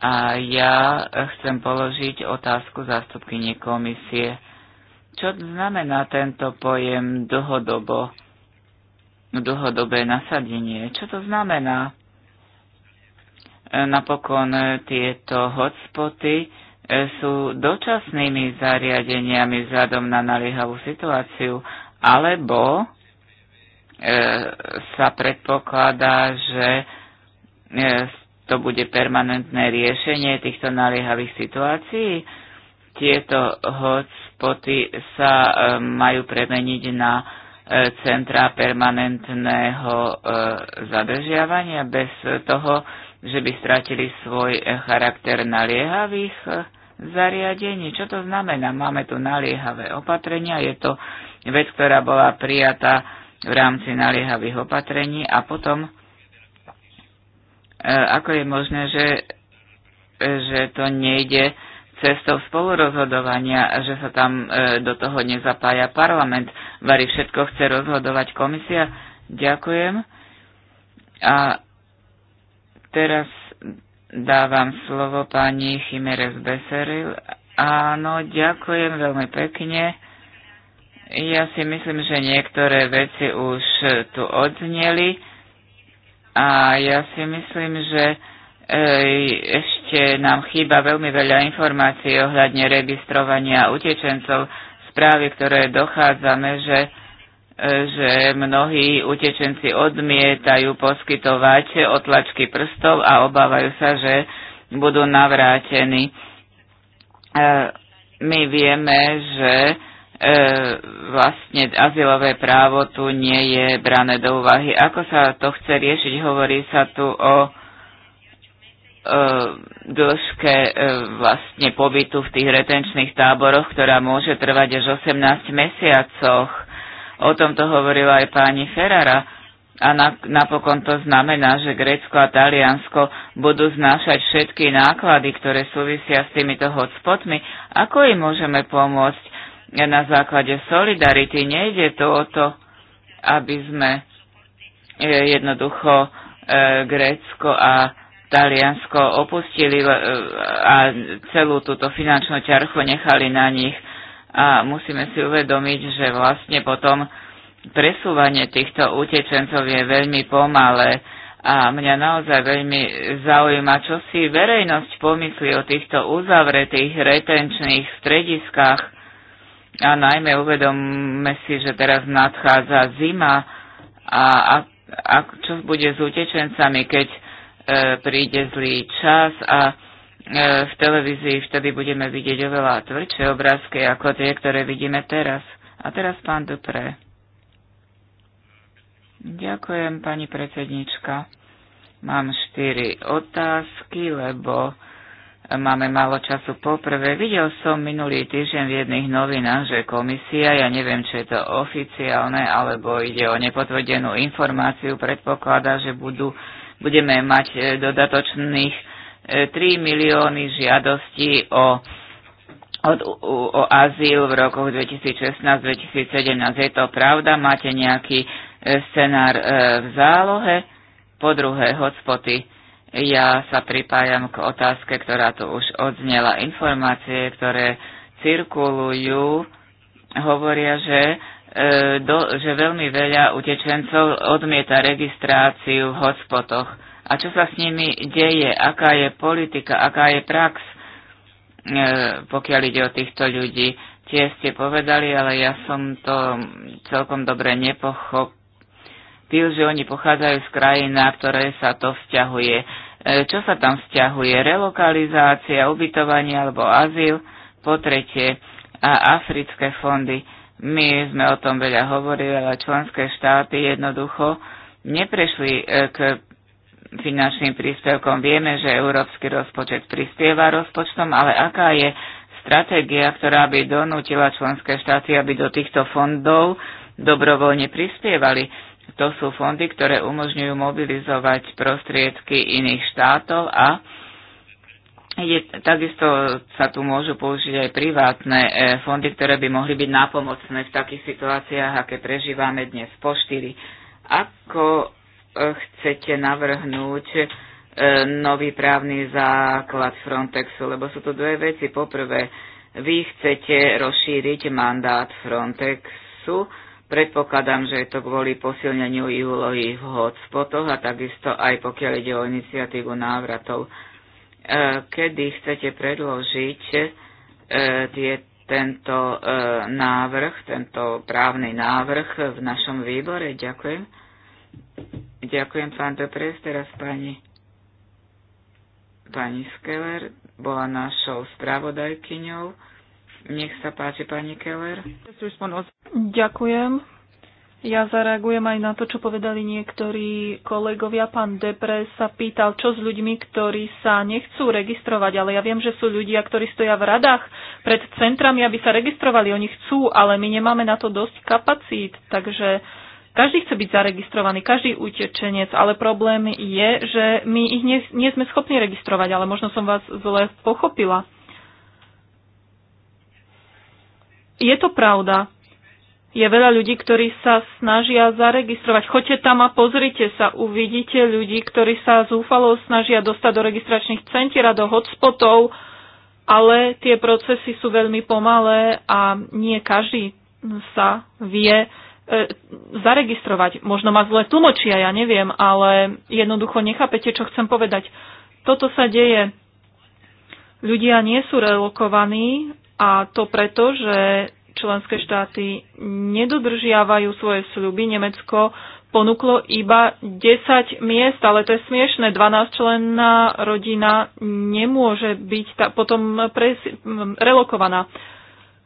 A ja chcem položiť otázku zástupkyni komisie. Čo znamená tento pojem dlhodobo? dlhodobé nasadenie. Čo to znamená? E, napokon e, tieto hotspoty e, sú dočasnými zariadeniami vzhľadom na naliehavú situáciu, alebo sa predpokladá, že to bude permanentné riešenie týchto naliehavých situácií. Tieto hotspoty sa majú premeniť na E, centra permanentného e, zadržiavania bez toho, že by stratili svoj e, charakter naliehavých zariadení. Čo to znamená? Máme tu naliehavé opatrenia, je to vec, ktorá bola prijatá v rámci naliehavých opatrení a potom ako je možné, že, že to nejde cestou spolurozhodovania, že sa tam e, do toho nezapája parlament. Vary všetko chce rozhodovať komisia. Ďakujem. A teraz dávam slovo pani Chimérez Beseril. Áno, ďakujem veľmi pekne. Ja si myslím, že niektoré veci už tu odzneli a ja si myslím, že ešte nám chýba veľmi veľa informácií ohľadne registrovania utečencov. Správy, ktoré dochádzame, že, e, že mnohí utečenci odmietajú poskytovať otlačky prstov a obávajú sa, že budú navrátení. E, my vieme, že e, vlastne azylové právo tu nie je brané do úvahy. Ako sa to chce riešiť? Hovorí sa tu o dĺžke e, vlastne pobytu v tých retenčných táboroch, ktorá môže trvať až 18 mesiacoch. O tom to hovorila aj pani Ferrara. A na, napokon to znamená, že Grécko a Taliansko budú znášať všetky náklady, ktoré súvisia s týmito hotspotmi. Ako im môžeme pomôcť? Na základe solidarity nejde to o to, aby sme e, jednoducho e, Grécko a Taliansko opustili e, a celú túto finančnú ťarchu nechali na nich. A musíme si uvedomiť, že vlastne potom presúvanie týchto utečencov je veľmi pomalé. A mňa naozaj veľmi zaujíma, čo si verejnosť pomyslí o týchto uzavretých retenčných strediskách. A najmä uvedomme si, že teraz nadchádza zima a, a, a čo bude s utečencami, keď E, príde zlý čas a e, v televízii vtedy budeme vidieť oveľa tvrdšie obrázky ako tie, ktoré vidíme teraz. A teraz pán Dupré. Ďakujem, pani predsednička. Mám štyri otázky, lebo máme málo času poprvé. Videl som minulý týždeň v jedných novinách, že komisia, ja neviem, či je to oficiálne, alebo ide o nepotvrdenú informáciu, predpokladá, že budú budeme mať e, dodatočných 3 e, milióny žiadostí o, o, o azyl v rokoch 2016-2017. Je to pravda? Máte nejaký e, scenár v zálohe? Po druhé, hotspoty. Ja sa pripájam k otázke, ktorá tu už odznela. Informácie, ktoré cirkulujú, hovoria, že E, do, že veľmi veľa utečencov odmieta registráciu v hotspotoch. A čo sa s nimi deje, aká je politika, aká je prax, e, pokiaľ ide o týchto ľudí. Tie ste povedali, ale ja som to celkom dobre nepochopil, že oni pochádzajú z krajín, na ktoré sa to vzťahuje. E, čo sa tam vzťahuje? Relokalizácia, ubytovanie alebo azyl, po tretie a africké fondy. My sme o tom veľa hovorili, ale členské štáty jednoducho neprešli e, k finančným príspevkom. Vieme, že európsky rozpočet prispieva rozpočtom, ale aká je stratégia, ktorá by donútila členské štáty, aby do týchto fondov dobrovoľne prispievali? To sú fondy, ktoré umožňujú mobilizovať prostriedky iných štátov a je, takisto sa tu môžu použiť aj privátne e, fondy, ktoré by mohli byť nápomocné v takých situáciách, aké prežívame dnes po štyri. Ako e, chcete navrhnúť e, nový právny základ Frontexu? Lebo sú tu dve veci. Poprvé, vy chcete rozšíriť mandát Frontexu. Predpokladám, že je to kvôli posilneniu úlohy v hotspotoch a takisto aj pokiaľ ide o iniciatívu návratov E, kedy chcete predložiť e, tie, tento e, návrh, tento právny návrh v našom výbore. Ďakujem. Ďakujem, pán Depres. Teraz pani, pani Skeller bola našou spravodajkyňou. Nech sa páči, pani Keller. Ďakujem. Ja zareagujem aj na to, čo povedali niektorí kolegovia. Pán Depre sa pýtal, čo s ľuďmi, ktorí sa nechcú registrovať, ale ja viem, že sú ľudia, ktorí stoja v radách pred centrami, aby sa registrovali. Oni chcú, ale my nemáme na to dosť kapacít, takže každý chce byť zaregistrovaný, každý utečenec, ale problém je, že my ich nie, nie sme schopní registrovať, ale možno som vás zle pochopila. Je to pravda je veľa ľudí, ktorí sa snažia zaregistrovať. Choďte tam a pozrite sa, uvidíte ľudí, ktorí sa zúfalo snažia dostať do registračných centier a do hotspotov, ale tie procesy sú veľmi pomalé a nie každý sa vie e, zaregistrovať. Možno ma zle tlmočia, ja neviem, ale jednoducho nechápete, čo chcem povedať. Toto sa deje. Ľudia nie sú relokovaní a to preto, že členské štáty nedodržiavajú svoje sľuby. Nemecko ponúklo iba 10 miest, ale to je smiešne. 12 členná rodina nemôže byť tá, potom pres, relokovaná.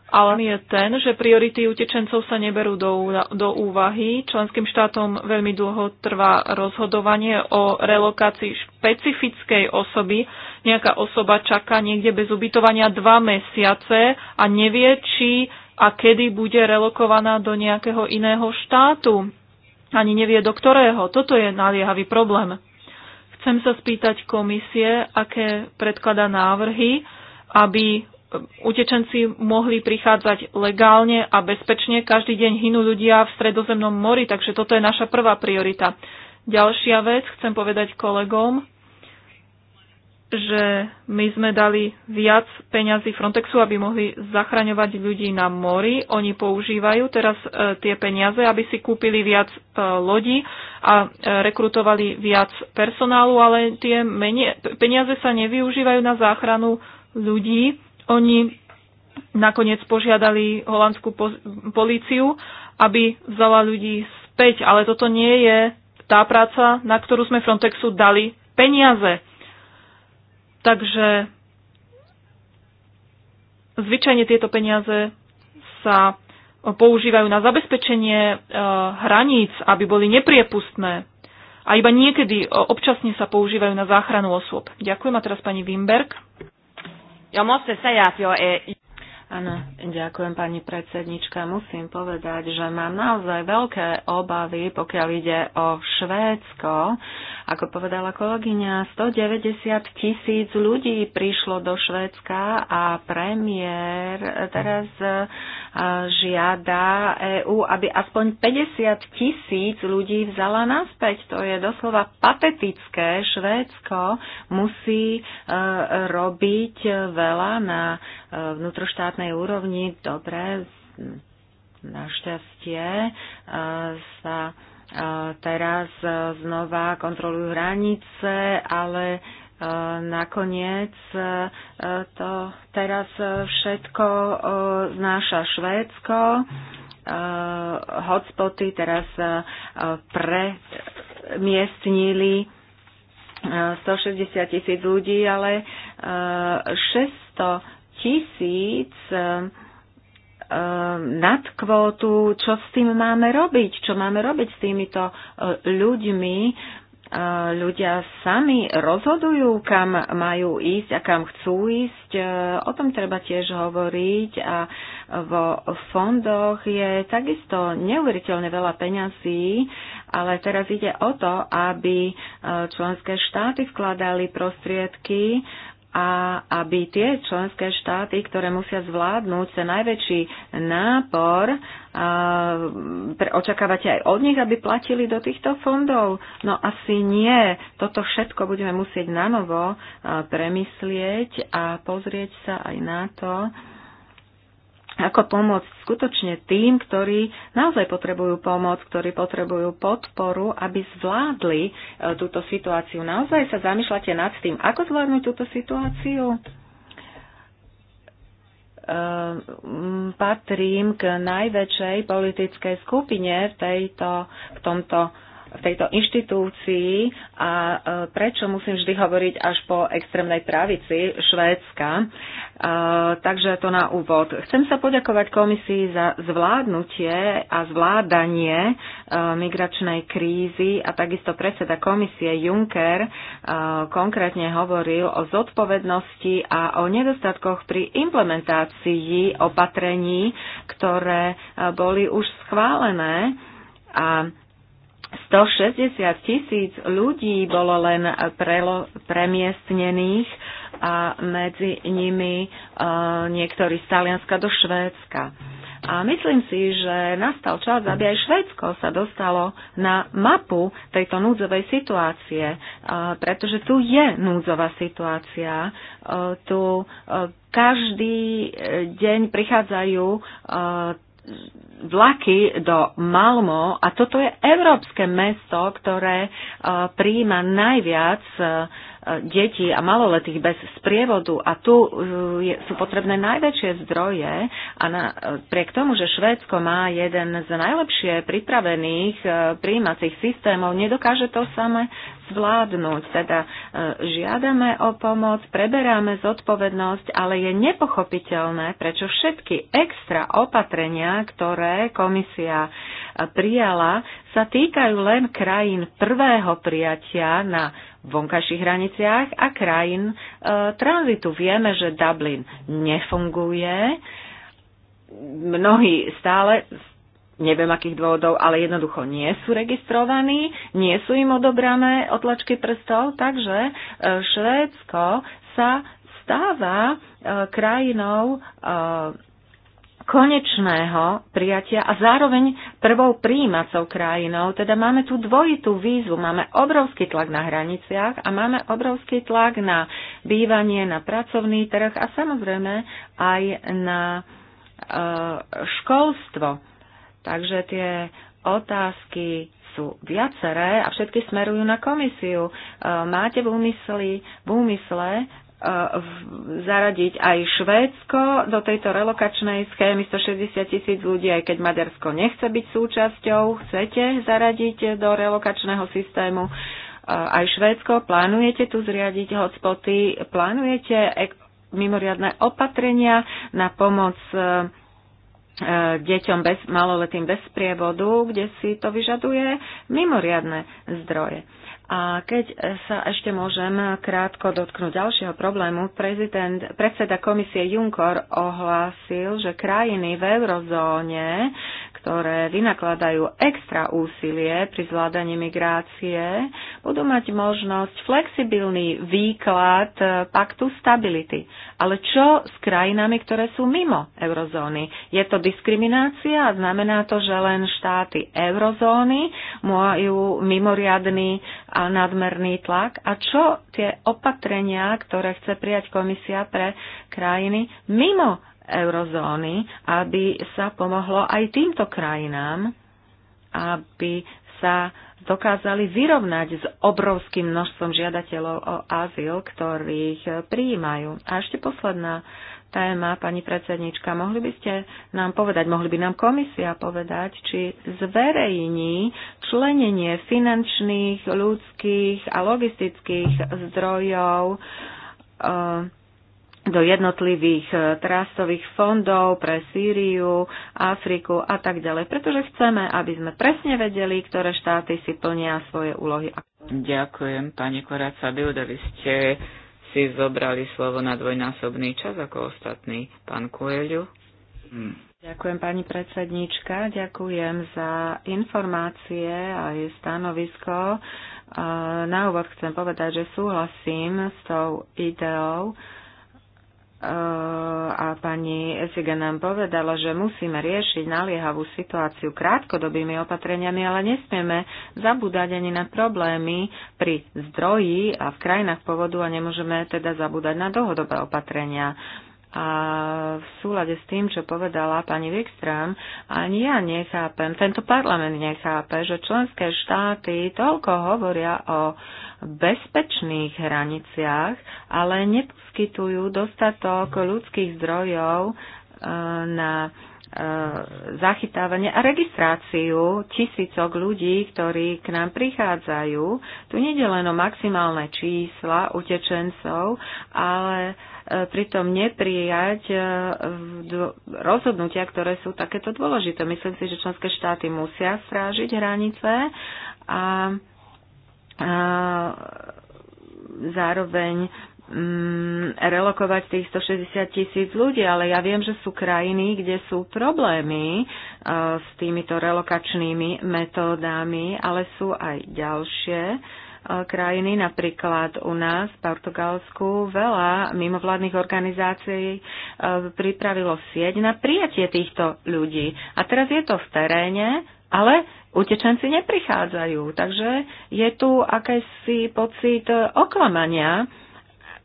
Ale je ten, že priority utečencov sa neberú do, do úvahy. Členským štátom veľmi dlho trvá rozhodovanie o relokácii špecifickej osoby. Nejaká osoba čaká niekde bez ubytovania dva mesiace a nevie, či a kedy bude relokovaná do nejakého iného štátu. Ani nevie, do ktorého. Toto je naliehavý problém. Chcem sa spýtať komisie, aké predkladá návrhy, aby utečenci mohli prichádzať legálne a bezpečne. Každý deň hynú ľudia v stredozemnom mori, takže toto je naša prvá priorita. Ďalšia vec, chcem povedať kolegom, že my sme dali viac peňazí Frontexu, aby mohli zachraňovať ľudí na mori. Oni používajú teraz e, tie peniaze, aby si kúpili viac e, lodí a e, rekrutovali viac personálu, ale tie menie, peniaze sa nevyužívajú na záchranu ľudí. Oni nakoniec požiadali holandskú po, políciu, aby vzala ľudí späť, ale toto nie je tá práca, na ktorú sme Frontexu dali peniaze Takže zvyčajne tieto peniaze sa používajú na zabezpečenie e, hraníc, aby boli nepriepustné. A iba niekedy e, občasne sa používajú na záchranu osôb. Ďakujem a teraz pani Wimberg. Ja môžem sa ja, e, Áno, ďakujem pani predsednička. Musím povedať, že mám naozaj veľké obavy, pokiaľ ide o Švédsko. Ako povedala kolegyňa, 190 tisíc ľudí prišlo do Švédska a premiér teraz e, žiada EÚ, aby aspoň 50 tisíc ľudí vzala naspäť. To je doslova patetické. Švédsko musí e, robiť veľa na e, vnútroštátnej štátnej úrovni, dobre, našťastie e, sa e, teraz e, znova kontrolujú hranice, ale nakoniec to teraz všetko znáša Švédsko. Hotspoty teraz premiestnili 160 tisíc ľudí, ale 600 tisíc ehm, ehm, nad kvótu, čo s tým máme robiť, čo máme robiť s týmito eh, ľuďmi. Eh, ľudia sami rozhodujú, kam majú ísť a kam chcú ísť. Eh, o tom treba tiež hovoriť a vo fondoch je takisto neuveriteľne veľa peňazí, ale teraz ide o to, aby členské štáty vkladali prostriedky a aby tie členské štáty, ktoré musia zvládnuť ten najväčší nápor, očakávate aj od nich, aby platili do týchto fondov? No asi nie. Toto všetko budeme musieť nanovo premyslieť a pozrieť sa aj na to, ako pomôcť skutočne tým, ktorí naozaj potrebujú pomoc, ktorí potrebujú podporu, aby zvládli e, túto situáciu. Naozaj sa zamýšľate nad tým, ako zvládnuť túto situáciu? E, patrím k najväčšej politickej skupine v, tejto, v tomto v tejto inštitúcii a e, prečo musím vždy hovoriť až po extrémnej pravici Švédska takže to na úvod. Chcem sa poďakovať komisii za zvládnutie a zvládanie e, migračnej krízy a takisto predseda komisie Juncker e, konkrétne hovoril o zodpovednosti a o nedostatkoch pri implementácii opatrení, ktoré e, boli už schválené a 160 tisíc ľudí bolo len prelo, premiestnených a medzi nimi uh, niektorí z Talianska do Švédska. A myslím si, že nastal čas, aby aj Švédsko sa dostalo na mapu tejto núdzovej situácie, uh, pretože tu je núdzová situácia. Uh, tu každý deň prichádzajú vlaky do Malmo a toto je európske mesto, ktoré e, príjma najviac e, detí a maloletých bez sprievodu a tu uh, je, sú potrebné najväčšie zdroje a napriek tomu, že Švédsko má jeden z najlepšie pripravených uh, príjímacích systémov, nedokáže to samé zvládnuť. Teda uh, žiadame o pomoc, preberáme zodpovednosť, ale je nepochopiteľné, prečo všetky extra opatrenia, ktoré komisia prijala, sa týkajú len krajín prvého prijatia na vonkajších hraniciach a krajín e, tranzitu. Vieme, že Dublin nefunguje. Mnohí stále neviem akých dôvodov, ale jednoducho nie sú registrovaní, nie sú im odobrané otlačky prstov, takže e, Švédsko sa stáva e, krajinou e, konečného prijatia a zároveň prvou príjímacou krajinou. Teda máme tu dvojitú výzvu. Máme obrovský tlak na hraniciach a máme obrovský tlak na bývanie, na pracovný trh a samozrejme aj na e, školstvo. Takže tie otázky sú viaceré a všetky smerujú na komisiu. E, máte v úmysle, v úmysle Eh, zaradiť aj Švédsko do tejto relokačnej schémy 160 tisíc ľudí, aj keď Maďarsko nechce byť súčasťou, chcete zaradiť do relokačného systému eh, aj Švédsko, plánujete tu zriadiť hotspoty, plánujete mimoriadne opatrenia na pomoc eh, deťom bez, maloletým bez prievodu, kde si to vyžaduje mimoriadne zdroje. A keď sa ešte môžem krátko dotknúť ďalšieho problému, prezident, predseda komisie Juncker ohlásil, že krajiny v eurozóne ktoré vynakladajú extra úsilie pri zvládaní migrácie, budú mať možnosť flexibilný výklad e, paktu stability. Ale čo s krajinami, ktoré sú mimo eurozóny? Je to diskriminácia a znamená to, že len štáty eurozóny majú mimoriadný a nadmerný tlak? A čo tie opatrenia, ktoré chce prijať komisia pre krajiny mimo eurozóny, aby sa pomohlo aj týmto krajinám, aby sa dokázali vyrovnať s obrovským množstvom žiadateľov o azyl, ktorých prijímajú. A ešte posledná téma, pani predsednička, mohli by ste nám povedať, mohli by nám komisia povedať, či zverejní členenie finančných, ľudských a logistických zdrojov uh, do jednotlivých e, trastových fondov pre Sýriu, Afriku a tak ďalej, pretože chceme, aby sme presne vedeli, ktoré štáty si plnia svoje úlohy. Ďakujem, pani Koráca Bilda, vy ste si zobrali slovo na dvojnásobný čas ako ostatný. Pán Kueľu. Hmm. Ďakujem pani predsednička, ďakujem za informácie a jej stanovisko. Na úvod chcem povedať, že súhlasím s tou ideou, a pani Esiga nám povedala, že musíme riešiť naliehavú situáciu krátkodobými opatreniami, ale nesmieme zabúdať ani na problémy pri zdroji a v krajinách povodu a nemôžeme teda zabúdať na dlhodobé opatrenia. A v súlade s tým, čo povedala pani Wikström, ani ja nechápem, tento parlament nechápe, že členské štáty toľko hovoria o bezpečných hraniciach, ale neposkytujú dostatok ľudských zdrojov e, na Eh, zachytávanie a registráciu tisícok ľudí, ktorí k nám prichádzajú. Tu nie je len o maximálne čísla utečencov, ale eh, pritom neprijať eh, rozhodnutia, ktoré sú takéto dôležité. Myslím si, že členské štáty musia strážiť hranice a zároveň mm, relokovať tých 160 tisíc ľudí, ale ja viem, že sú krajiny, kde sú problémy uh, s týmito relokačnými metódami, ale sú aj ďalšie e, krajiny, napríklad u nás v Portugalsku veľa mimovládnych organizácií e, pripravilo sieť na prijatie týchto ľudí. A teraz je to v teréne, ale utečenci neprichádzajú, takže je tu akýsi pocit oklamania,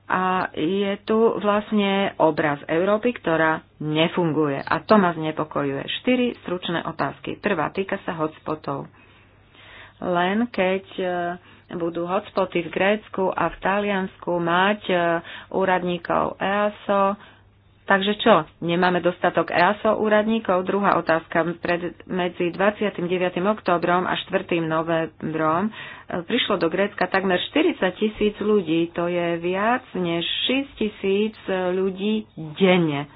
a je tu vlastne obraz Európy, ktorá nefunguje. A to ma znepokojuje. Štyri stručné otázky. Prvá týka sa hotspotov. Len keď e, budú hotspoty v Grécku a v Taliansku mať e, úradníkov EASO, Takže čo, nemáme dostatok EASO úradníkov? Druhá otázka. Pred, medzi 29. oktobrom a 4. novembrom e, prišlo do Grécka takmer 40 tisíc ľudí. To je viac než 6 tisíc e, ľudí denne.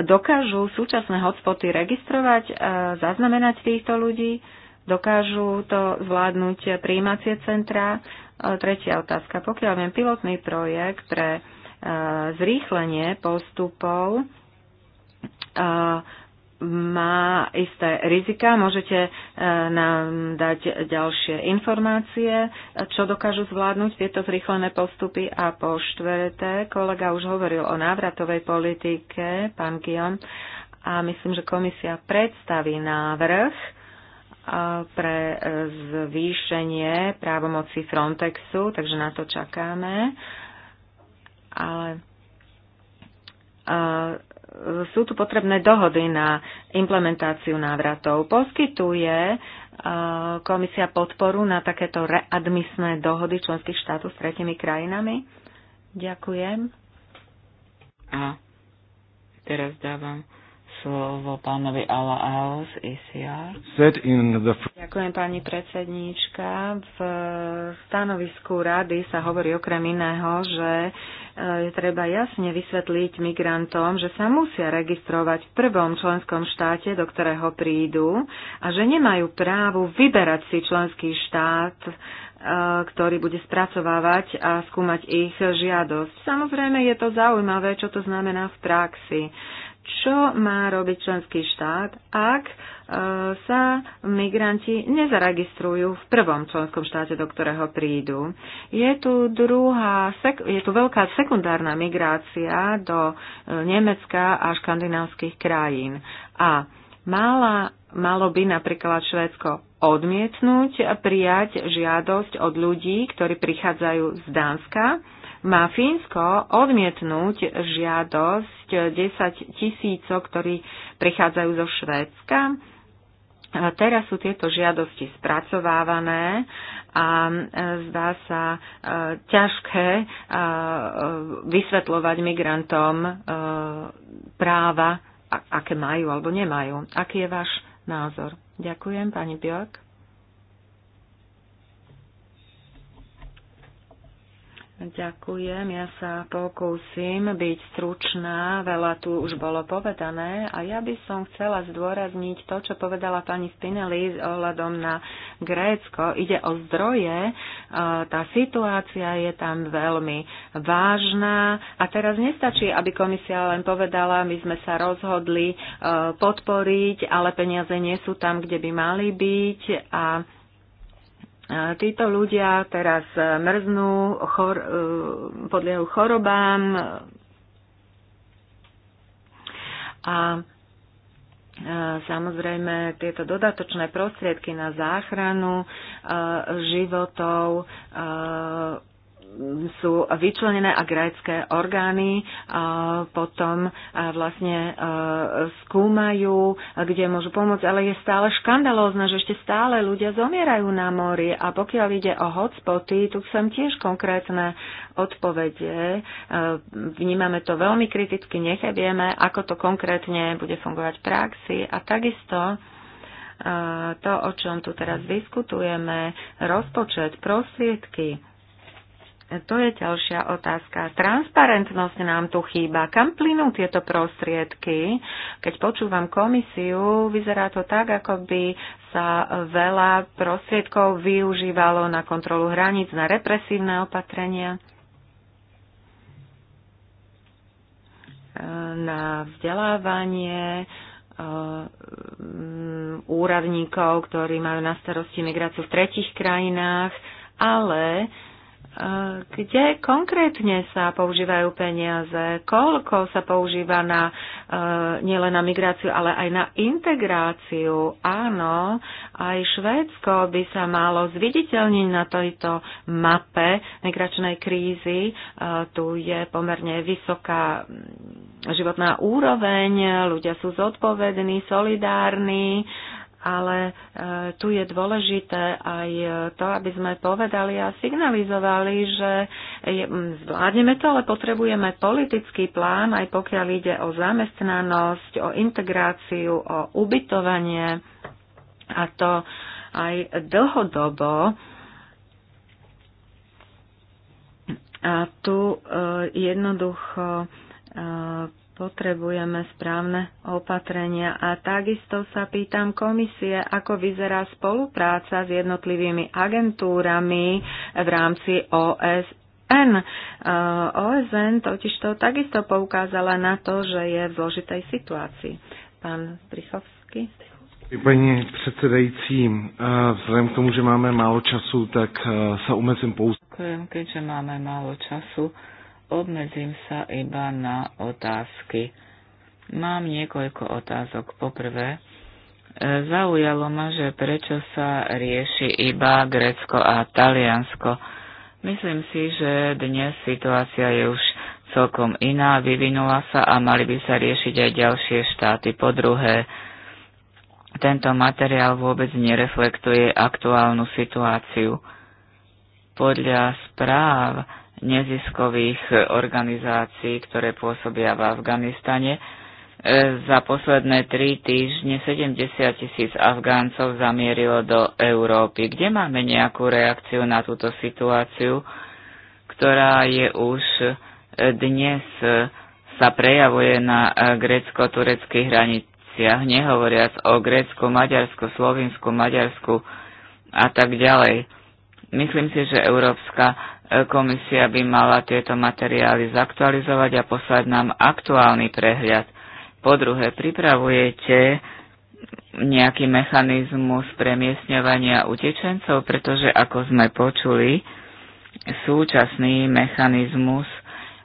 Dokážu súčasné hotspoty registrovať, e, zaznamenať týchto ľudí? Dokážu to zvládnuť príjímacie centra? Tretia otázka. Pokiaľ viem, pilotný projekt pre zrýchlenie postupov e, má isté rizika. Môžete e, nám dať ďalšie informácie, čo dokážu zvládnuť tieto zrýchlené postupy. A po štvrté, kolega už hovoril o návratovej politike, pán Gion, a myslím, že komisia predstaví návrh e, pre zvýšenie právomoci Frontexu, takže na to čakáme ale e, sú tu potrebné dohody na implementáciu návratov. Poskytuje e, komisia podporu na takéto readmisné dohody členských štátov s tretimi krajinami? Ďakujem. A teraz dávam slovo pánovi Ala Aos Isiar. E Ďakujem pani predsedníčka. V stanovisku rady sa hovorí okrem iného, že e, je treba jasne vysvetliť migrantom, že sa musia registrovať v prvom členskom štáte, do ktorého prídu a že nemajú právo vyberať si členský štát, e, ktorý bude spracovávať a skúmať ich žiadosť. Samozrejme je to zaujímavé, čo to znamená v praxi čo má robiť členský štát, ak e, sa migranti nezaregistrujú v prvom členskom štáte, do ktorého prídu. Je tu, druhá, je tu veľká sekundárna migrácia do e, Nemecka a škandinávskych krajín. A mala, malo by napríklad Švédsko odmietnúť a prijať žiadosť od ľudí, ktorí prichádzajú z Dánska, má Fínsko odmietnúť žiadosť 10 tisícov, ktorí prichádzajú zo Švédska. Teraz sú tieto žiadosti spracovávané a e, zdá sa e, ťažké e, vysvetľovať migrantom práva, aké majú alebo nemajú. Aký je váš názor? Ďakujem, pani Bjork. Ďakujem, ja sa pokúsim byť stručná, veľa tu už bolo povedané a ja by som chcela zdôrazniť to, čo povedala pani Spinelli s ohľadom na Grécko. Ide o zdroje, tá situácia je tam veľmi vážna a teraz nestačí, aby komisia len povedala, my sme sa rozhodli e, podporiť, ale peniaze nie sú tam, kde by mali byť a Títo ľudia teraz mrznú, chor, e, podliehajú chorobám a e, Samozrejme, tieto dodatočné prostriedky na záchranu e, životov sú vyčlenené a grécké orgány potom vlastne skúmajú, kde môžu pomôcť, ale je stále škandalózne, že ešte stále ľudia zomierajú na mori a pokiaľ ide o hotspoty, tu som tiež konkrétne odpovede. Vnímame to veľmi kriticky, vieme, ako to konkrétne bude fungovať v praxi a takisto to, o čom tu teraz diskutujeme, rozpočet, prostriedky, to je ďalšia otázka. Transparentnosť nám tu chýba. Kam plynú tieto prostriedky? Keď počúvam komisiu, vyzerá to tak, ako by sa veľa prostriedkov využívalo na kontrolu hraníc, na represívne opatrenia, na vzdelávanie eh, úradníkov, ktorí majú na starosti migráciu v tretich krajinách, ale kde konkrétne sa používajú peniaze, koľko sa používa na, eh, nielen na migráciu, ale aj na integráciu. Áno, aj Švédsko by sa malo zviditeľniť na tejto mape migračnej krízy. Eh, tu je pomerne vysoká mm, životná úroveň, ľudia sú zodpovední, solidárni ale e, tu je dôležité aj to, aby sme povedali a signalizovali, že zvládneme to, ale potrebujeme politický plán, aj pokiaľ ide o zamestnanosť, o integráciu, o ubytovanie a to aj dlhodobo. A tu e, jednoducho e, potrebujeme správne opatrenia. A takisto sa pýtam komisie, ako vyzerá spolupráca s jednotlivými agentúrami v rámci OS. N. E, OSN to takisto poukázala na to, že je v zložitej situácii. Pán Strichovský. Paní predsedající, e, vzhledem k tomu, že máme málo času, tak e, sa umecím pouze. keďže máme málo času Obmedzím sa iba na otázky. Mám niekoľko otázok. Poprvé, e, zaujalo ma, že prečo sa rieši iba Grécko a Taliansko. Myslím si, že dnes situácia je už celkom iná, vyvinula sa a mali by sa riešiť aj ďalšie štáty. Po druhé, tento materiál vôbec nereflektuje aktuálnu situáciu. Podľa správ, neziskových organizácií, ktoré pôsobia v Afganistane. E, za posledné tri týždne 70 tisíc Afgáncov zamierilo do Európy. Kde máme nejakú reakciu na túto situáciu, ktorá je už e, dnes e, sa prejavuje na grecko-tureckých hraniciach, nehovoriac o Grécku, Maďarsku, Slovinsku, Maďarsku a tak ďalej. Myslím si, že Európska Komisia by mala tieto materiály zaktualizovať a poslať nám aktuálny prehľad. Po druhé, pripravujete nejaký mechanizmus premiesňovania utečencov, pretože ako sme počuli, súčasný mechanizmus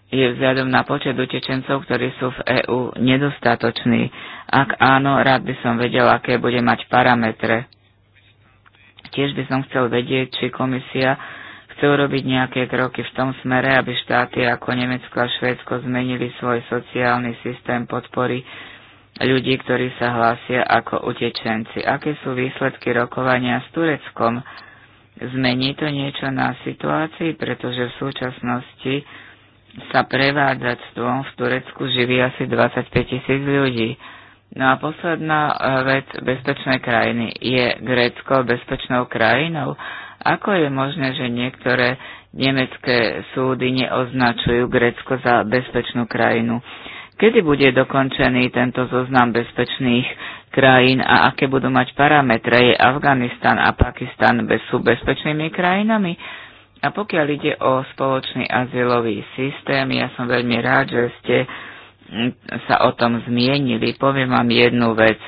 je vzhľadom na počet utečencov, ktorí sú v EÚ nedostatočný. Ak áno, rád by som vedel, aké bude mať parametre. Tiež by som chcel vedieť, či komisia chcú robiť nejaké kroky v tom smere, aby štáty ako Nemecko a Švédsko zmenili svoj sociálny systém podpory ľudí, ktorí sa hlásia ako utečenci. Aké sú výsledky rokovania s Tureckom? Zmení to niečo na situácii, pretože v súčasnosti sa prevádzactvom v Turecku živí asi 25 tisíc ľudí. No a posledná eh, vec bezpečnej krajiny. Je Grécko bezpečnou krajinou? Ako je možné, že niektoré nemecké súdy neoznačujú Grécko za bezpečnú krajinu? Kedy bude dokončený tento zoznam bezpečných krajín a aké budú mať parametre? Je Afganistan a Pakistan bez sú bezpečnými krajinami? A pokiaľ ide o spoločný azylový systém, ja som veľmi rád, že ste mm, sa o tom zmienili. Poviem vám jednu vec.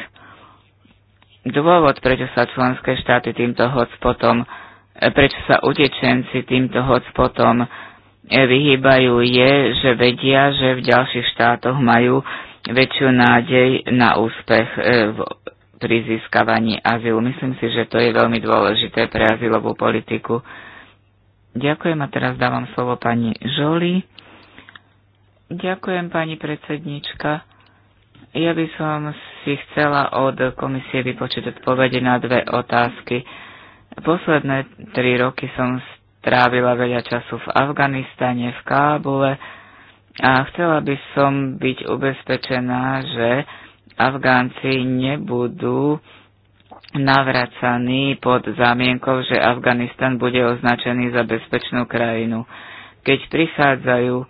Dôvod, prečo sa členské štáty týmto hotspotom E, prečo sa utečenci týmto hotspotom e, vyhýbajú, je, že vedia, že v ďalších štátoch majú väčšiu nádej na úspech e, pri získavaní azylu. Myslím si, že to je veľmi dôležité pre azylovú politiku. Ďakujem a teraz dávam slovo pani Žoli. Ďakujem, pani predsednička. Ja by som si chcela od komisie vypočuť odpovede na dve otázky. Posledné tri roky som strávila veľa času v Afganistane, v Kábule a chcela by som byť ubezpečená, že Afgánci nebudú navracaní pod zámienkou, že Afganistan bude označený za bezpečnú krajinu. Keď prichádzajú e,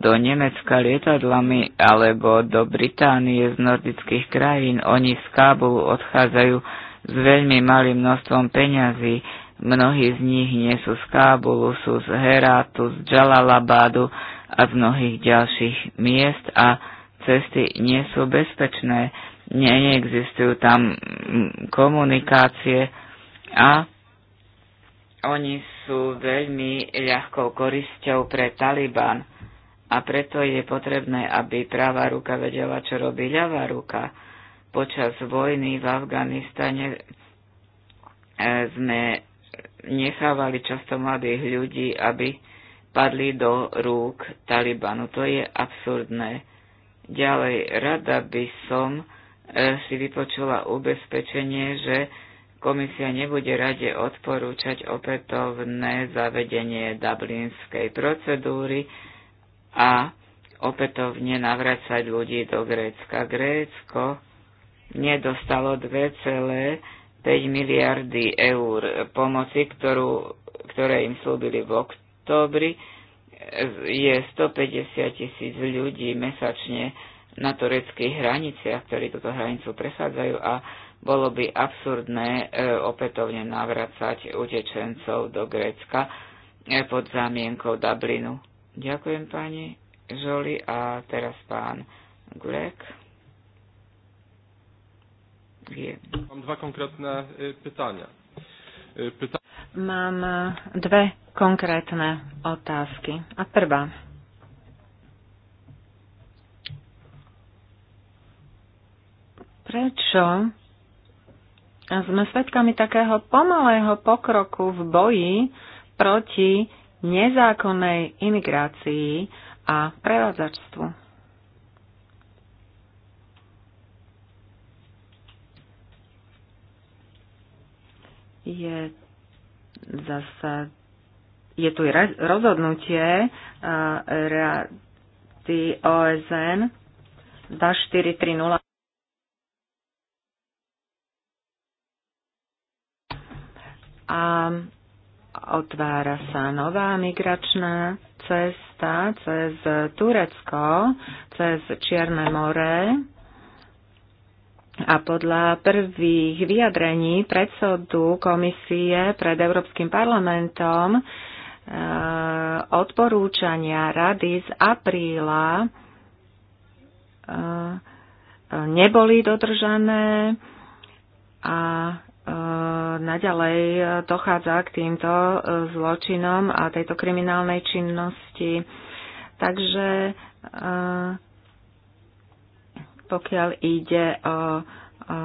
do Nemecka lietadlami alebo do Británie z nordických krajín. Oni z Kábulu odchádzajú s veľmi malým množstvom peňazí. Mnohí z nich nie sú z Kábulu, sú z Herátu, z Džalalabádu a z mnohých ďalších miest a cesty nie sú bezpečné, nie, neexistujú tam mm, komunikácie a oni sú veľmi ľahkou korisťou pre Taliban a preto je potrebné, aby práva ruka vedela, čo robí ľavá ruka Počas vojny v Afganistane e, sme nechávali často mladých ľudí, aby padli do rúk Talibanu. To je absurdné. Ďalej, rada by som e, si vypočula ubezpečenie, že komisia nebude rade odporúčať opätovné zavedenie dublinskej procedúry a opätovne navracať ľudí do Grécka. Grécko nedostalo 2,5 miliardy eur pomoci, ktorú, ktoré im slúbili v októbri. Je 150 tisíc ľudí mesačne na tureckých hraniciach, ktorí túto hranicu prechádzajú a bolo by absurdné e, opätovne navracať utečencov do Grécka e, pod zámienkou Dublinu. Ďakujem pani Žoli a teraz pán Grek stratégie. Mám dva konkrétne pytania. Pyta... Mám dve konkrétne otázky. A prvá. Prečo sme svedkami takého pomalého pokroku v boji proti nezákonnej imigrácii a prevádzačstvu? je zasa je tu rozhodnutie Rady OSN 2430 a otvára sa nová migračná cesta cez Turecko, cez Čierne more a podľa prvých vyjadrení predsodu komisie pred Európskym parlamentom e, odporúčania rady z apríla e, neboli dodržané a e, naďalej dochádza k týmto zločinom a tejto kriminálnej činnosti. Takže pokiaľ ide o, o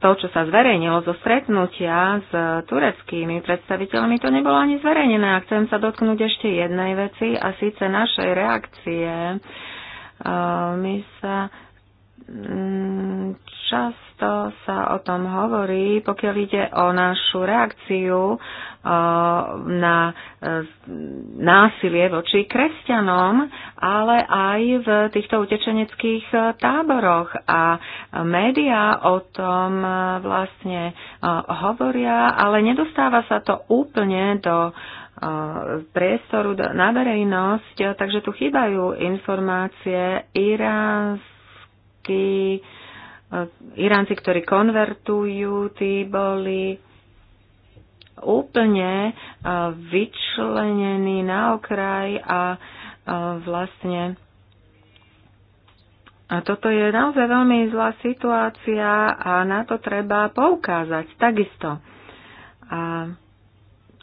to, čo sa zverejnilo zo stretnutia s tureckými predstaviteľmi, to nebolo ani zverejnené. A chcem sa dotknúť ešte jednej veci a síce našej reakcie. E, my sa čas často sa o tom hovorí, pokiaľ ide o našu reakciu na e, násilie voči kresťanom, ale aj v týchto utečeneckých táboroch. A médiá o tom vlastne e, hovoria, ale nedostáva sa to úplne do e, priestoru na verejnosť, takže tu chýbajú informácie iránsky Iránci, ktorí konvertujú, tí boli úplne e, vyčlenení na okraj a e, vlastne a toto je naozaj veľmi zlá situácia a na to treba poukázať takisto. A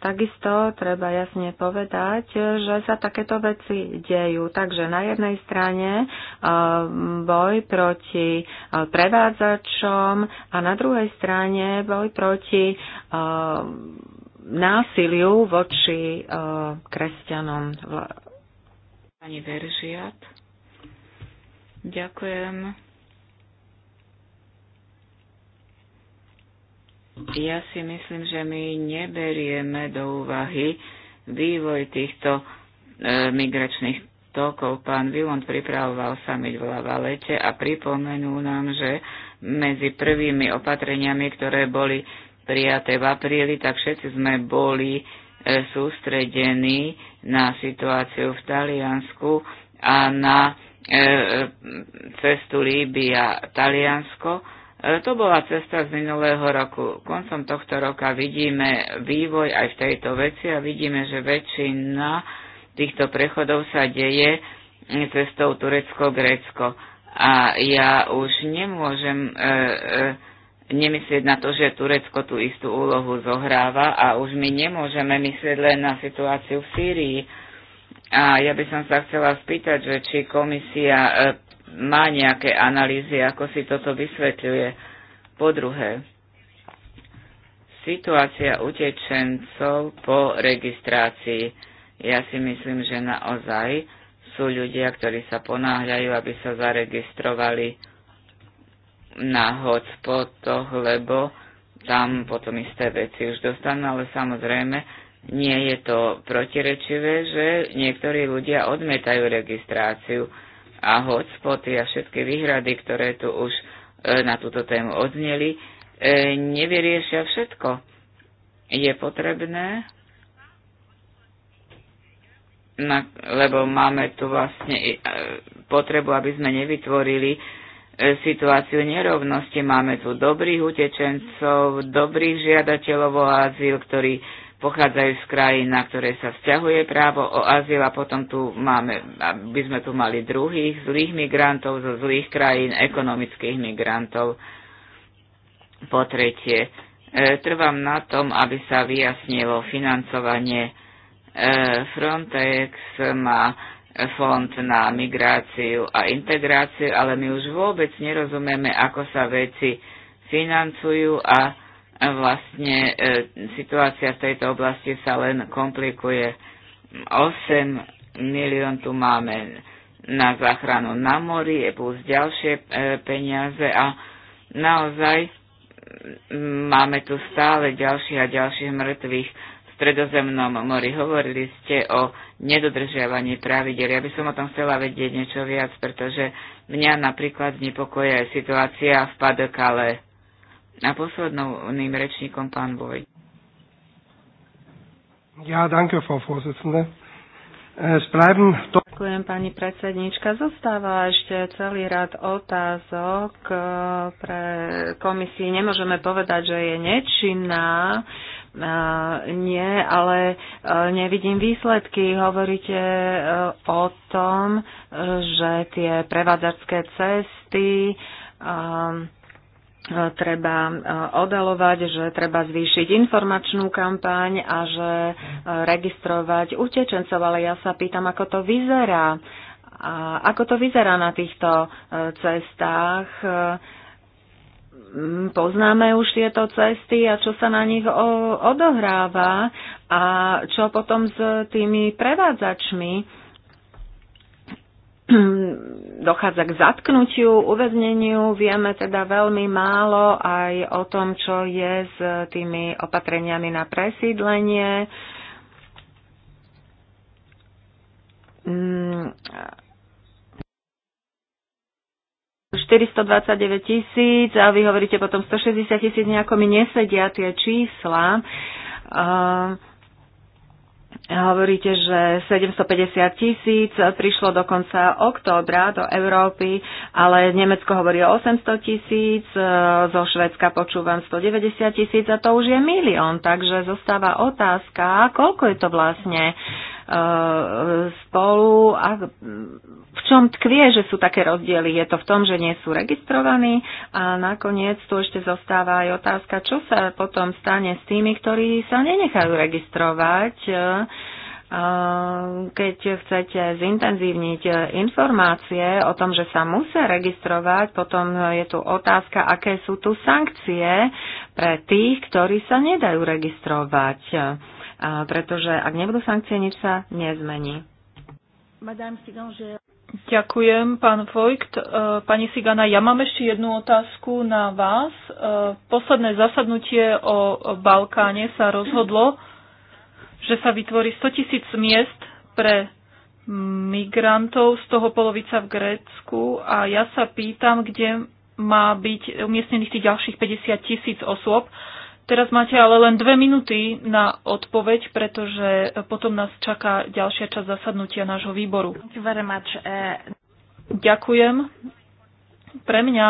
Takisto treba jasne povedať, že sa takéto veci dejú. Takže na jednej strane e, boj proti e, prevádzačom a na druhej strane boj proti e, násiliu voči kresťanom. Pani Veržiat. Ďakujem. Ja si myslím, že my neberieme do úvahy vývoj týchto e, migračných tokov. Pán Vilon pripravoval summit v Lavalete a pripomenul nám, že medzi prvými opatreniami, ktoré boli prijaté v apríli, tak všetci sme boli e, sústredení na situáciu v Taliansku a na e, e cestu Líbia-Taliansko E, to bola cesta z minulého roku. Koncom tohto roka vidíme vývoj aj v tejto veci a vidíme, že väčšina týchto prechodov sa deje cestou Turecko-Grécko. A ja už nemôžem e, e, nemyslieť na to, že Turecko tú istú úlohu zohráva a už my nemôžeme myslieť len na situáciu v Sýrii. A ja by som sa chcela spýtať, že či komisia e, má nejaké analýzy, ako si toto vysvetľuje. Po druhé, situácia utečencov po registrácii. Ja si myslím, že naozaj sú ľudia, ktorí sa ponáhľajú, aby sa zaregistrovali na hotspotoch, lebo tam potom isté veci už dostanú, ale samozrejme nie je to protirečivé, že niektorí ľudia odmietajú registráciu a hotspoty a všetky výhrady, ktoré tu už e, na túto tému odzneli, e, nevyriešia všetko. Je potrebné, lebo máme tu vlastne e, potrebu, aby sme nevytvorili situáciu nerovnosti. Máme tu dobrých utečencov, dobrých žiadateľov o azyl, ktorí pochádzajú z krajín, na ktoré sa vzťahuje právo o azyl a potom tu máme, by sme tu mali druhých zlých migrantov zo zlých krajín, ekonomických migrantov. Po tretie, e, trvám na tom, aby sa vyjasnilo financovanie. E, Frontex má fond na migráciu a integráciu, ale my už vôbec nerozumieme, ako sa veci financujú a vlastne e, situácia v tejto oblasti sa len komplikuje. 8 milión tu máme na záchranu na mori, plus ďalšie e, peniaze a naozaj máme tu stále ďalších a ďalších mŕtvych v stredozemnom mori. Hovorili ste o nedodržiavaní pravidel. Ja by som o tom chcela vedieť niečo viac, pretože mňa napríklad aj situácia v Padokale. A posledným rečníkom pán Boj. Ja, danke, Frau Vorsitzende. Äh, bleiben Ďakujem, pani predsednička. Zostáva ešte celý rad otázok äh, pre komisii. Nemôžeme povedať, že je nečinná. Äh, nie, ale nevidím výsledky. Hovoríte o tom, že tie prevádzarské cesty ähm, treba eh, odalovať, že treba zvýšiť informačnú kampaň a že eh, registrovať utečencov, ale ja sa pýtam, ako to vyzerá. A ako to vyzerá na týchto eh, cestách? Poznáme už tieto cesty a čo sa na nich odohráva a čo potom s tými prevádzačmi? [CLEARS THROAT] dochádza k zatknutiu, uväzneniu. Vieme teda veľmi málo aj o tom, čo je s tými opatreniami na presídlenie. Mm. 429 tisíc a vy hovoríte potom 160 tisíc, nejako mi nesedia tie čísla. Uh, Hovoríte, že 750 tisíc prišlo do konca októbra do Európy, ale Nemecko hovorí o 800 tisíc, e, zo Švedska počúvam 190 tisíc a to už je milión. Takže zostáva otázka, koľko je to vlastne E, spolu a v čom tkvie, že sú také rozdiely? Je to v tom, že nie sú registrovaní a nakoniec tu ešte zostáva aj otázka, čo sa potom stane s tými, ktorí sa nenechajú registrovať e, keď chcete zintenzívniť informácie o tom, že sa musia registrovať, potom je tu otázka, aké sú tu sankcie pre tých, ktorí sa nedajú registrovať pretože ak nebudú sankcie, nič sa nezmení. Ďakujem, pán Vojkt. E, pani Sigana, ja mám ešte jednu otázku na vás. E, posledné zasadnutie o Balkáne sa rozhodlo, že sa vytvorí 100 tisíc miest pre migrantov, z toho polovica v Grécku a ja sa pýtam, kde má byť umiestnených tých ďalších 50 tisíc osôb Teraz máte ale len dve minúty na odpoveď, pretože potom nás čaká ďalšia časť zasadnutia nášho výboru. Eh. Ďakujem. Pre mňa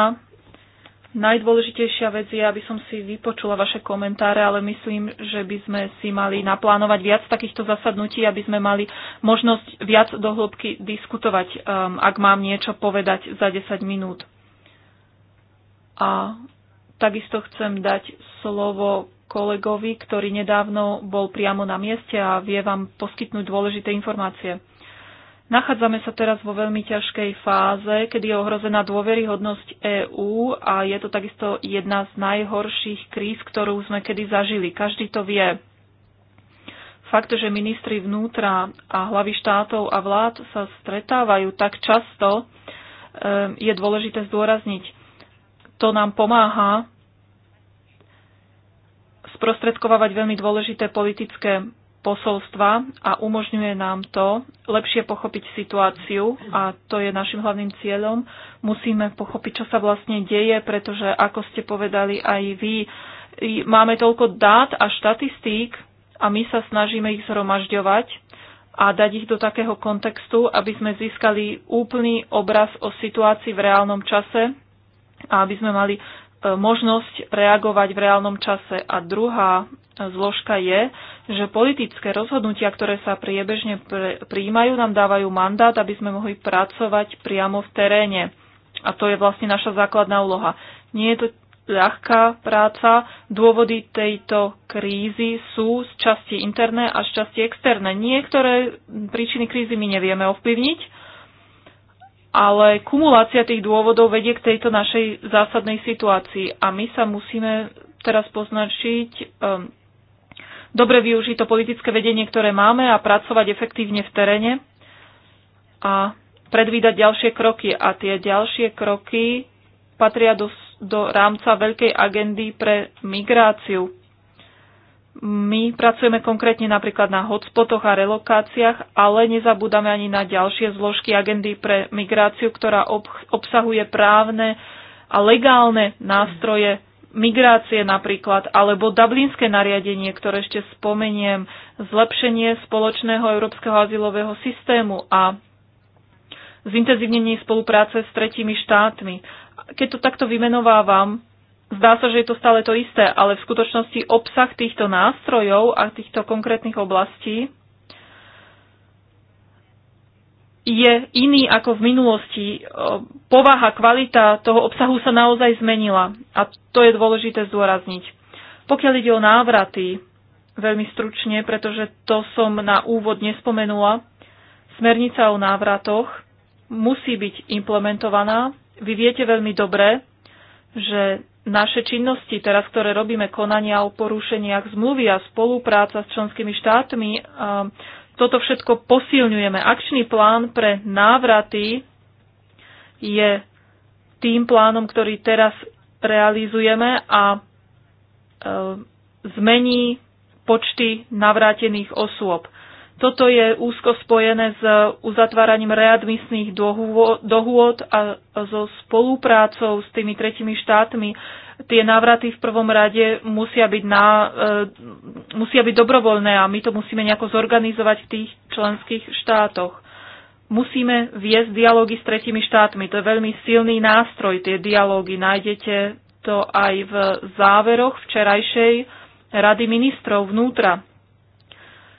najdôležitejšia vec je, aby som si vypočula vaše komentáre, ale myslím, že by sme si mali naplánovať viac takýchto zasadnutí, aby sme mali možnosť viac dohlbky diskutovať, ehm, ak mám niečo povedať za 10 minút. A Takisto chcem dať slovo kolegovi, ktorý nedávno bol priamo na mieste a vie vám poskytnúť dôležité informácie. Nachádzame sa teraz vo veľmi ťažkej fáze, kedy je ohrozená dôveryhodnosť EÚ a je to takisto jedna z najhorších kríz, ktorú sme kedy zažili. Každý to vie. Fakt, že ministri vnútra a hlavy štátov a vlád sa stretávajú tak často, ehm, je dôležité zdôrazniť to nám pomáha sprostredkovávať veľmi dôležité politické posolstva a umožňuje nám to lepšie pochopiť situáciu a to je našim hlavným cieľom. Musíme pochopiť, čo sa vlastne deje, pretože ako ste povedali aj vy, máme toľko dát a štatistík a my sa snažíme ich zhromažďovať a dať ich do takého kontextu, aby sme získali úplný obraz o situácii v reálnom čase a aby sme mali e, možnosť reagovať v reálnom čase. A druhá e, zložka je, že politické rozhodnutia, ktoré sa priebežne prijímajú, nám dávajú mandát, aby sme mohli pracovať priamo v teréne. A to je vlastne naša základná úloha. Nie je to ľahká práca. Dôvody tejto krízy sú z časti interné a z časti externé. Niektoré príčiny krízy my nevieme ovplyvniť, ale kumulácia tých dôvodov vedie k tejto našej zásadnej situácii a my sa musíme teraz poznačiť um, dobre využiť to politické vedenie, ktoré máme a pracovať efektívne v teréne a predvídať ďalšie kroky. A tie ďalšie kroky patria do, do rámca veľkej agendy pre migráciu. My pracujeme konkrétne napríklad na hotspotoch a relokáciách, ale nezabúdame ani na ďalšie zložky agendy pre migráciu, ktorá obsahuje právne a legálne nástroje migrácie napríklad, alebo dublinské nariadenie, ktoré ešte spomeniem, zlepšenie spoločného európskeho azylového systému a zintenzívnenie spolupráce s tretími štátmi. Keď to takto vymenovávam, Zdá sa, že je to stále to isté, ale v skutočnosti obsah týchto nástrojov a týchto konkrétnych oblastí je iný ako v minulosti. E, povaha, kvalita toho obsahu sa naozaj zmenila a to je dôležité zdôrazniť. Pokiaľ ide o návraty, veľmi stručne, pretože to som na úvod nespomenula, smernica o návratoch musí byť implementovaná. Vy viete veľmi dobre, že naše činnosti teraz, ktoré robíme, konania o porušeniach zmluvy a spolupráca s členskými štátmi, um, toto všetko posilňujeme. Akčný plán pre návraty je tým plánom, ktorý teraz realizujeme a um, zmení počty navrátených osôb. Toto je úzko spojené s uzatváraním readmisných dohôd a so spoluprácou s tými tretimi štátmi. Tie návraty v prvom rade musia byť, na, e, musia byť dobrovoľné a my to musíme nejako zorganizovať v tých členských štátoch. Musíme viesť dialógy s tretimi štátmi. To je veľmi silný nástroj, tie dialógy. Nájdete to aj v záveroch včerajšej Rady ministrov vnútra.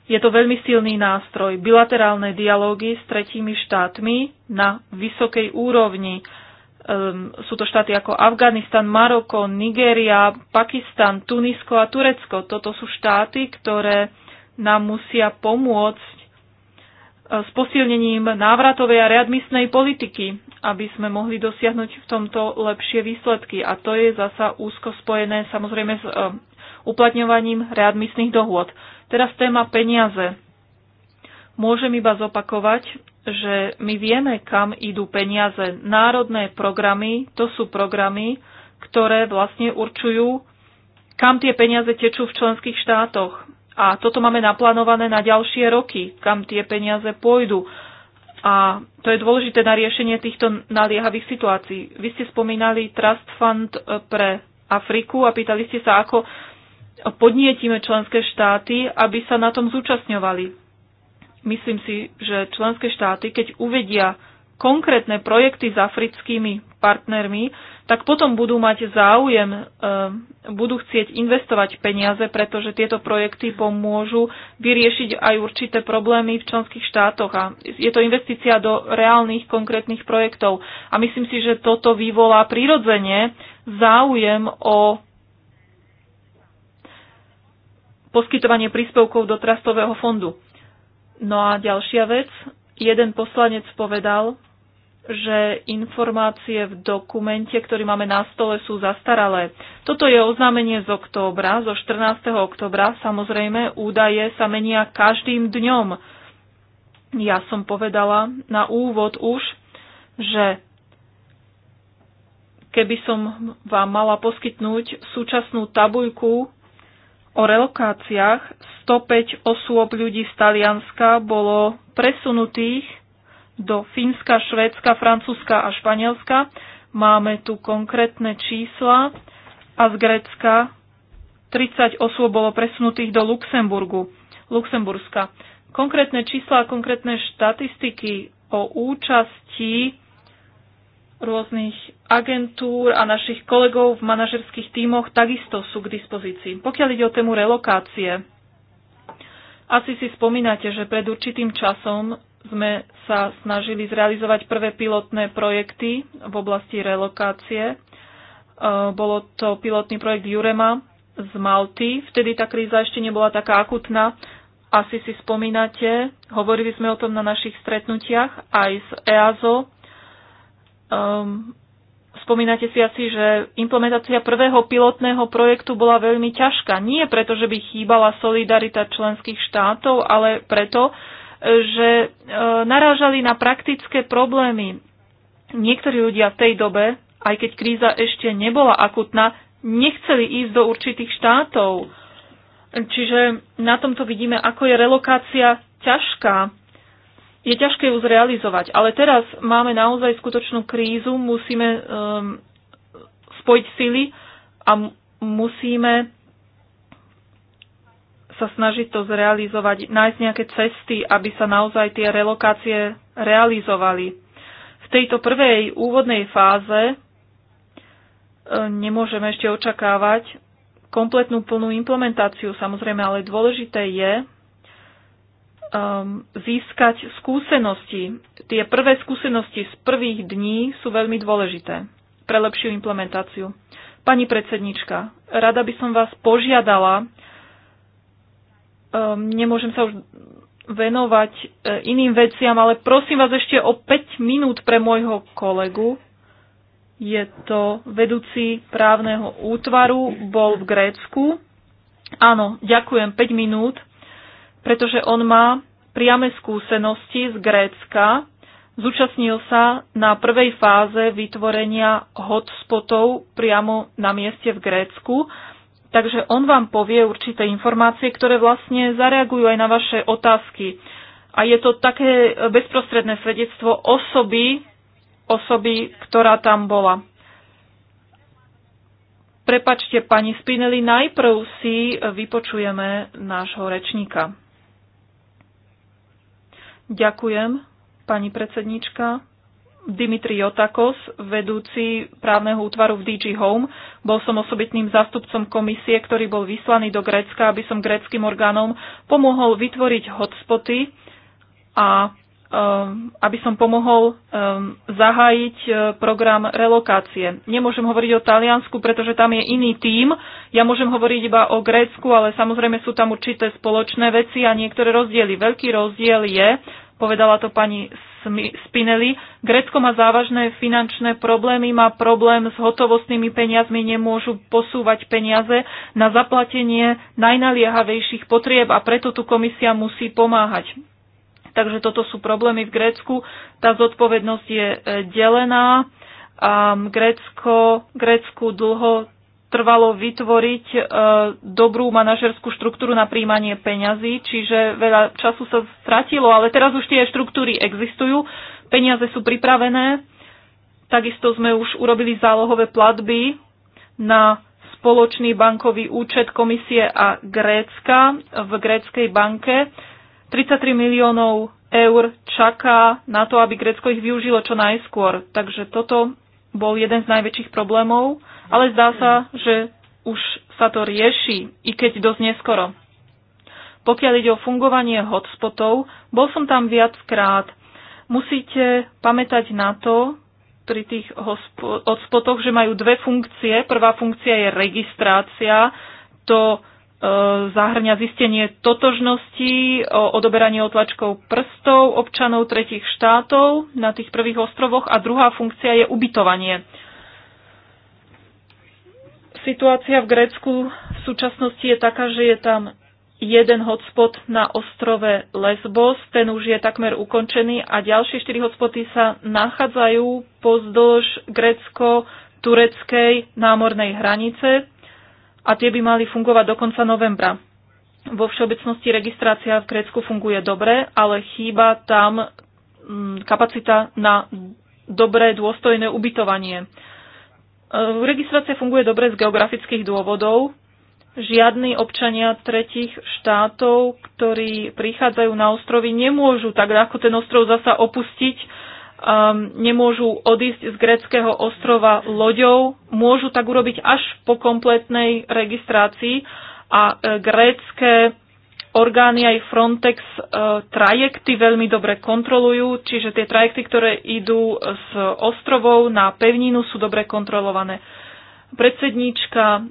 Je to veľmi silný nástroj. Bilaterálne dialógy s tretími štátmi na vysokej úrovni. Um, sú to štáty ako Afganistan, Maroko, Nigéria, Pakistan, Tunisko a Turecko. Toto sú štáty, ktoré nám musia pomôcť e, s posilnením návratovej a readmisnej politiky, aby sme mohli dosiahnuť v tomto lepšie výsledky. A to je zasa úzko spojené samozrejme s e, uplatňovaním readmisných dohôd. Teraz téma peniaze. Môžem iba zopakovať, že my vieme, kam idú peniaze. Národné programy, to sú programy, ktoré vlastne určujú, kam tie peniaze tečú v členských štátoch. A toto máme naplánované na ďalšie roky, kam tie peniaze pôjdu. A to je dôležité na riešenie týchto naliehavých situácií. Vy ste spomínali Trust Fund pre Afriku a pýtali ste sa, ako podnietíme členské štáty, aby sa na tom zúčastňovali. Myslím si, že členské štáty, keď uvedia konkrétne projekty s africkými partnermi, tak potom budú mať záujem, e, budú chcieť investovať peniaze, pretože tieto projekty pomôžu vyriešiť aj určité problémy v členských štátoch. A je to investícia do reálnych konkrétnych projektov. A myslím si, že toto vyvolá prirodzene záujem o poskytovanie príspevkov do trastového fondu. No a ďalšia vec, jeden poslanec povedal, že informácie v dokumente, ktorý máme na stole, sú zastaralé. Toto je oznámenie z októbra, zo 14. októbra. Samozrejme, údaje sa menia každým dňom. Ja som povedala na úvod už, že keby som vám mala poskytnúť súčasnú tabuľku o relokáciách 105 osôb ľudí z Talianska bolo presunutých do Fínska, Švédska, Francúzska a Španielska. Máme tu konkrétne čísla a z Grécka 30 osôb bolo presunutých do Luxemburgu, Luxemburska. Konkrétne čísla a konkrétne štatistiky o účasti rôznych agentúr a našich kolegov v manažerských tímoch takisto sú k dispozícii. Pokiaľ ide o tému relokácie, asi si spomínate, že pred určitým časom sme sa snažili zrealizovať prvé pilotné projekty v oblasti relokácie. E, bolo to pilotný projekt Jurema z Malty. Vtedy tá kríza ešte nebola taká akutná. Asi si spomínate, hovorili sme o tom na našich stretnutiach aj s EASO, Um, spomínate si asi, že implementácia prvého pilotného projektu bola veľmi ťažká. Nie preto, že by chýbala solidarita členských štátov, ale preto, e, že e, narážali na praktické problémy. Niektorí ľudia v tej dobe, aj keď kríza ešte nebola akutná, nechceli ísť do určitých štátov. Čiže na tomto vidíme, ako je relokácia ťažká je ťažké ju zrealizovať. Ale teraz máme naozaj skutočnú krízu, musíme um, spojiť sily a musíme sa snažiť to zrealizovať, nájsť nejaké cesty, aby sa naozaj tie relokácie realizovali. V tejto prvej úvodnej fáze e, nemôžeme ešte očakávať kompletnú plnú implementáciu, samozrejme, ale dôležité je, um, získať skúsenosti. Tie prvé skúsenosti z prvých dní sú veľmi dôležité pre lepšiu implementáciu. Pani predsednička, rada by som vás požiadala, um, nemôžem sa už venovať e, iným veciam, ale prosím vás ešte o 5 minút pre môjho kolegu. Je to vedúci právneho útvaru, bol v Grécku. Áno, ďakujem, 5 minút pretože on má priame skúsenosti z Grécka. Zúčastnil sa na prvej fáze vytvorenia hotspotov priamo na mieste v Grécku. Takže on vám povie určité informácie, ktoré vlastne zareagujú aj na vaše otázky. A je to také bezprostredné svedectvo osoby, osoby, ktorá tam bola. Prepačte, pani Spinelli, najprv si vypočujeme nášho rečníka. Ďakujem, pani predsednička. Dimitri Jotakos, vedúci právneho útvaru v DG Home. Bol som osobitným zástupcom komisie, ktorý bol vyslaný do Grécka, aby som gréckým orgánom pomohol vytvoriť hotspoty a Ehm, aby som pomohol ehm, zahájiť e, program relokácie. Nemôžem hovoriť o Taliansku, pretože tam je iný tím. Ja môžem hovoriť iba o Grécku, ale samozrejme sú tam určité spoločné veci a niektoré rozdiely. Veľký rozdiel je, povedala to pani Spinelli, Grécko má závažné finančné problémy, má problém s hotovostnými peniazmi, nemôžu posúvať peniaze na zaplatenie najnaliehavejších potrieb a preto tu komisia musí pomáhať Takže toto sú problémy v Grécku. Tá zodpovednosť je e, delená. Grécko, Grécku dlho trvalo vytvoriť e, dobrú manažerskú štruktúru na príjmanie peňazí, čiže veľa času sa stratilo, ale teraz už tie štruktúry existujú, peniaze sú pripravené, takisto sme už urobili zálohové platby na spoločný bankový účet Komisie a Grécka v Gréckej banke. 33 miliónov eur čaká na to, aby Grécko ich využilo čo najskôr. Takže toto bol jeden z najväčších problémov, ale zdá sa, že už sa to rieši, i keď dosť neskoro. Pokiaľ ide o fungovanie hotspotov, bol som tam viackrát. Musíte pamätať na to pri tých hotspotoch, že majú dve funkcie. Prvá funkcia je registrácia, to zahrňa zistenie totožnosti, odoberanie otlačkov prstov občanov tretich štátov na tých prvých ostrovoch a druhá funkcia je ubytovanie. Situácia v Grécku v súčasnosti je taká, že je tam jeden hotspot na ostrove Lesbos, ten už je takmer ukončený a ďalšie štyri hotspoty sa nachádzajú pozdĺž grécko-tureckej námornej hranice, a tie by mali fungovať do konca novembra. Vo všeobecnosti registrácia v Grécku funguje dobre, ale chýba tam mm, kapacita na dobré, dôstojné ubytovanie. E, registrácia funguje dobre z geografických dôvodov. Žiadni občania tretich štátov, ktorí prichádzajú na ostrovy, nemôžu tak ako ten ostrov zasa opustiť um, nemôžu odísť z greckého ostrova loďou, môžu tak urobiť až po kompletnej registrácii a e, grécké orgány aj Frontex e, trajekty veľmi dobre kontrolujú, čiže tie trajekty, ktoré idú z ostrovov na pevninu, sú dobre kontrolované. Predsedníčka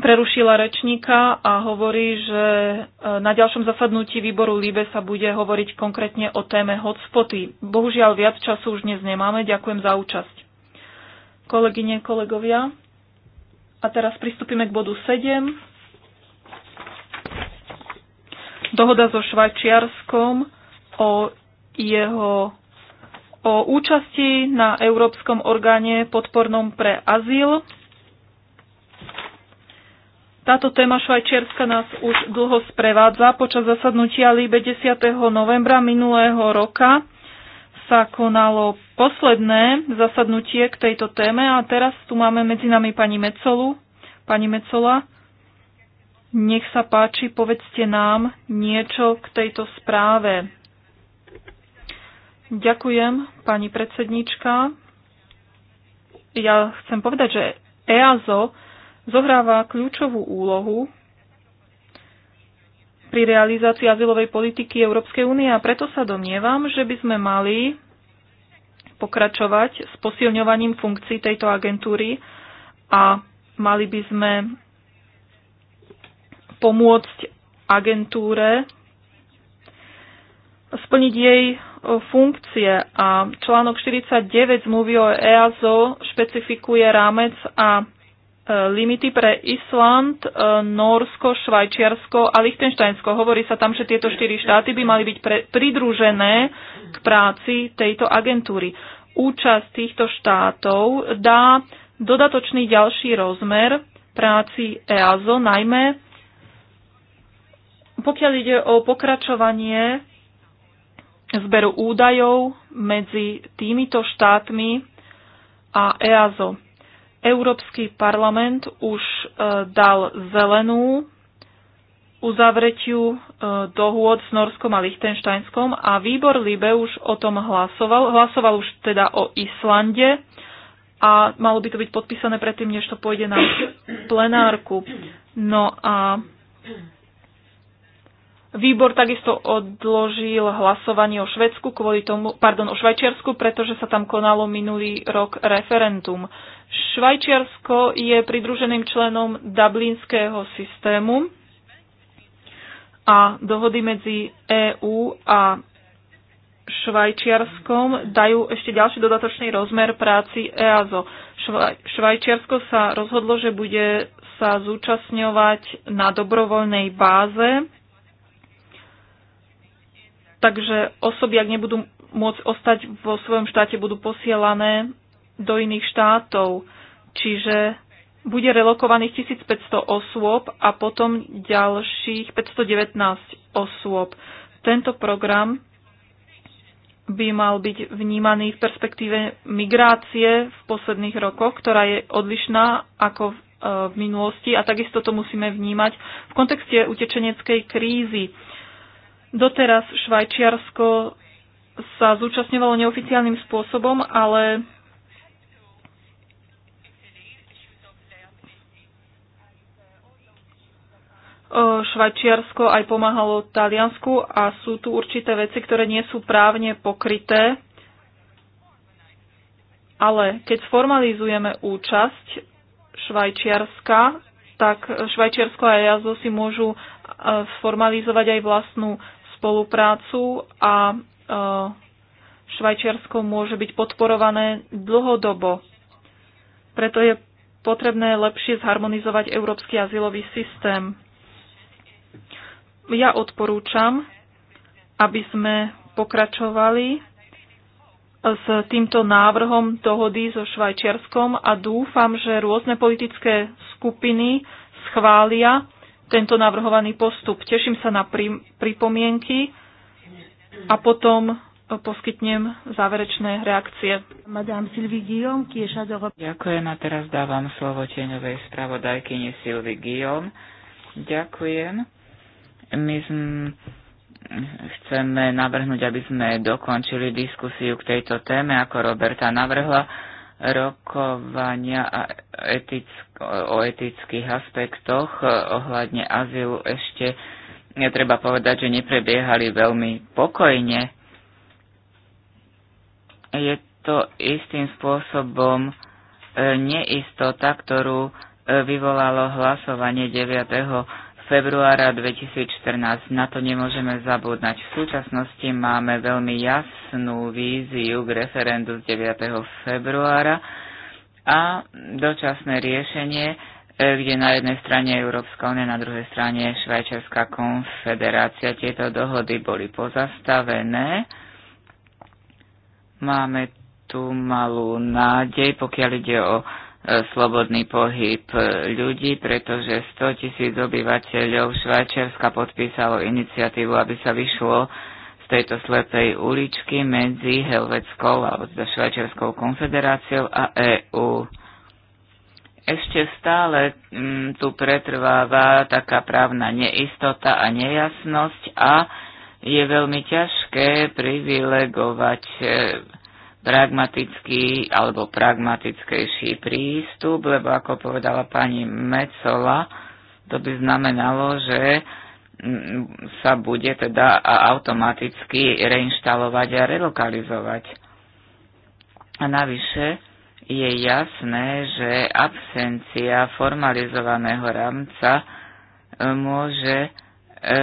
prerušila rečníka a hovorí, že e, na ďalšom zasadnutí výboru LIBE sa bude hovoriť konkrétne o téme hotspoty. Bohužiaľ viac času už dnes nemáme. Ďakujem za účasť. Kolegyne, kolegovia. A teraz pristúpime k bodu 7. Dohoda so Švajčiarskom o jeho o účasti na Európskom orgáne podpornom pre azyl táto téma Švajčiarska nás už dlho sprevádza. Počas zasadnutia Líbe 10. novembra minulého roka sa konalo posledné zasadnutie k tejto téme a teraz tu máme medzi nami pani Mecolu. Pani Mecola, nech sa páči, povedzte nám niečo k tejto správe. Ďakujem, pani predsednička. Ja chcem povedať, že EASO zohráva kľúčovú úlohu pri realizácii azylovej politiky Európskej únie a preto sa domnievam, že by sme mali pokračovať s posilňovaním funkcií tejto agentúry a mali by sme pomôcť agentúre splniť jej funkcie a článok 49 zmluvy o EASO špecifikuje rámec a limity pre Island, e, Norsko, Švajčiarsko a Lichtensteinsko. Hovorí sa tam, že tieto štyri štáty by mali byť pre, pridružené k práci tejto agentúry. Účasť týchto štátov dá dodatočný ďalší rozmer práci EASO, najmä pokiaľ ide o pokračovanie zberu údajov medzi týmito štátmi a EASO. Európsky parlament už e, dal zelenú uzavretiu e, dohôd s Norskom a Lichtenštajnskom a výbor Libe už o tom hlasoval. Hlasoval už teda o Islande a malo by to byť podpísané predtým, než to pôjde na plenárku. No a Výbor takisto odložil hlasovanie o Švedsku kvôli tomu, pardon, o Švajčiarsku, pretože sa tam konalo minulý rok referendum. Švajčiarsko je pridruženým členom Dublinského systému a dohody medzi EÚ a Švajčiarskom dajú ešte ďalší dodatočný rozmer práci EASO. Švajčiarsko sa rozhodlo, že bude sa zúčastňovať na dobrovoľnej báze Takže osoby, ak nebudú môcť ostať vo svojom štáte, budú posielané do iných štátov. Čiže bude relokovaných 1500 osôb a potom ďalších 519 osôb. Tento program by mal byť vnímaný v perspektíve migrácie v posledných rokoch, ktorá je odlišná ako v e, minulosti a takisto to musíme vnímať v kontexte utečeneckej krízy. Doteraz Švajčiarsko sa zúčastňovalo neoficiálnym spôsobom, ale Švajčiarsko aj pomáhalo Taliansku a sú tu určité veci, ktoré nie sú právne pokryté. Ale keď sformalizujeme účasť Švajčiarska, tak Švajčiarsko a Jazo si môžu e, sformalizovať aj vlastnú spoluprácu a e, Švajčiarsko môže byť podporované dlhodobo. Preto je potrebné lepšie zharmonizovať európsky azylový systém. Ja odporúčam, aby sme pokračovali s týmto návrhom dohody so Švajčiarskom a dúfam, že rôzne politické skupiny schvália tento navrhovaný postup. Teším sa na pripomienky a potom poskytnem záverečné reakcie. Ďakujem a teraz dávam slovo tieňovej spravodajkyni Silvi Guillaume. Ďakujem. My chceme navrhnúť, aby sme dokončili diskusiu k tejto téme, ako Roberta navrhla rokovania a etick, o etických aspektoch e, ohľadne azylu ešte, treba povedať, že neprebiehali veľmi pokojne. Je to istým spôsobom e, neistota, ktorú e, vyvolalo hlasovanie 9 februára 2014. Na to nemôžeme zabúdať. V súčasnosti máme veľmi jasnú víziu k referendu z 9. februára a dočasné riešenie, e, kde na jednej strane Európska únia, na druhej strane Švajčiarska konfederácia. Tieto dohody boli pozastavené. Máme tu malú nádej, pokiaľ ide o E, slobodný pohyb e, ľudí, pretože 100 tisíc obyvateľov Švajčiarska podpísalo iniciatívu, aby sa vyšlo z tejto slepej uličky medzi Helveckou a Švajčiarskou konfederáciou a EÚ. Ešte stále m, mm, tu pretrváva taká právna neistota a nejasnosť a je veľmi ťažké privilegovať e, pragmatický alebo pragmatickejší prístup, lebo ako povedala pani Mecola, to by znamenalo, že mm, sa bude teda automaticky reinštalovať a relokalizovať. A navyše je jasné, že absencia formalizovaného rámca e, môže e, e,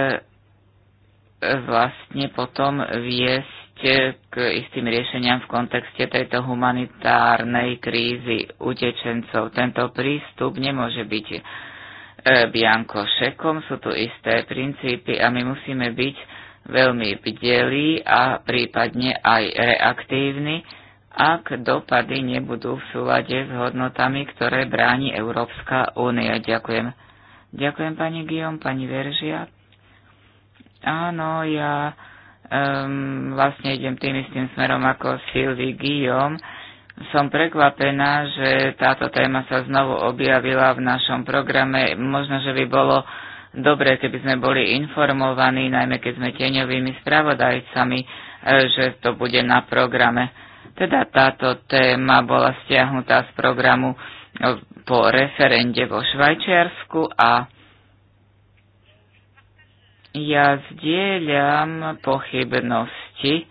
vlastne potom viesť k istým riešeniam v kontexte tejto humanitárnej krízy utečencov. Tento prístup nemôže byť e, bianko šekom, sú tu isté princípy a my musíme byť veľmi bdelí a prípadne aj reaktívni, ak dopady nebudú v súlade s hodnotami, ktoré bráni Európska únia. Ďakujem. Ďakujem pani Guillaume, pani Veržia. Áno, ja um, vlastne idem tým istým smerom ako Sylvie Guillaume. Som prekvapená, že táto téma sa znovu objavila v našom programe. Možno, že by bolo dobre, keby sme boli informovaní, najmä keď sme tieňovými spravodajcami, e, že to bude na programe. Teda táto téma bola stiahnutá z programu e, po referende vo Švajčiarsku a ja zdieľam pochybnosti.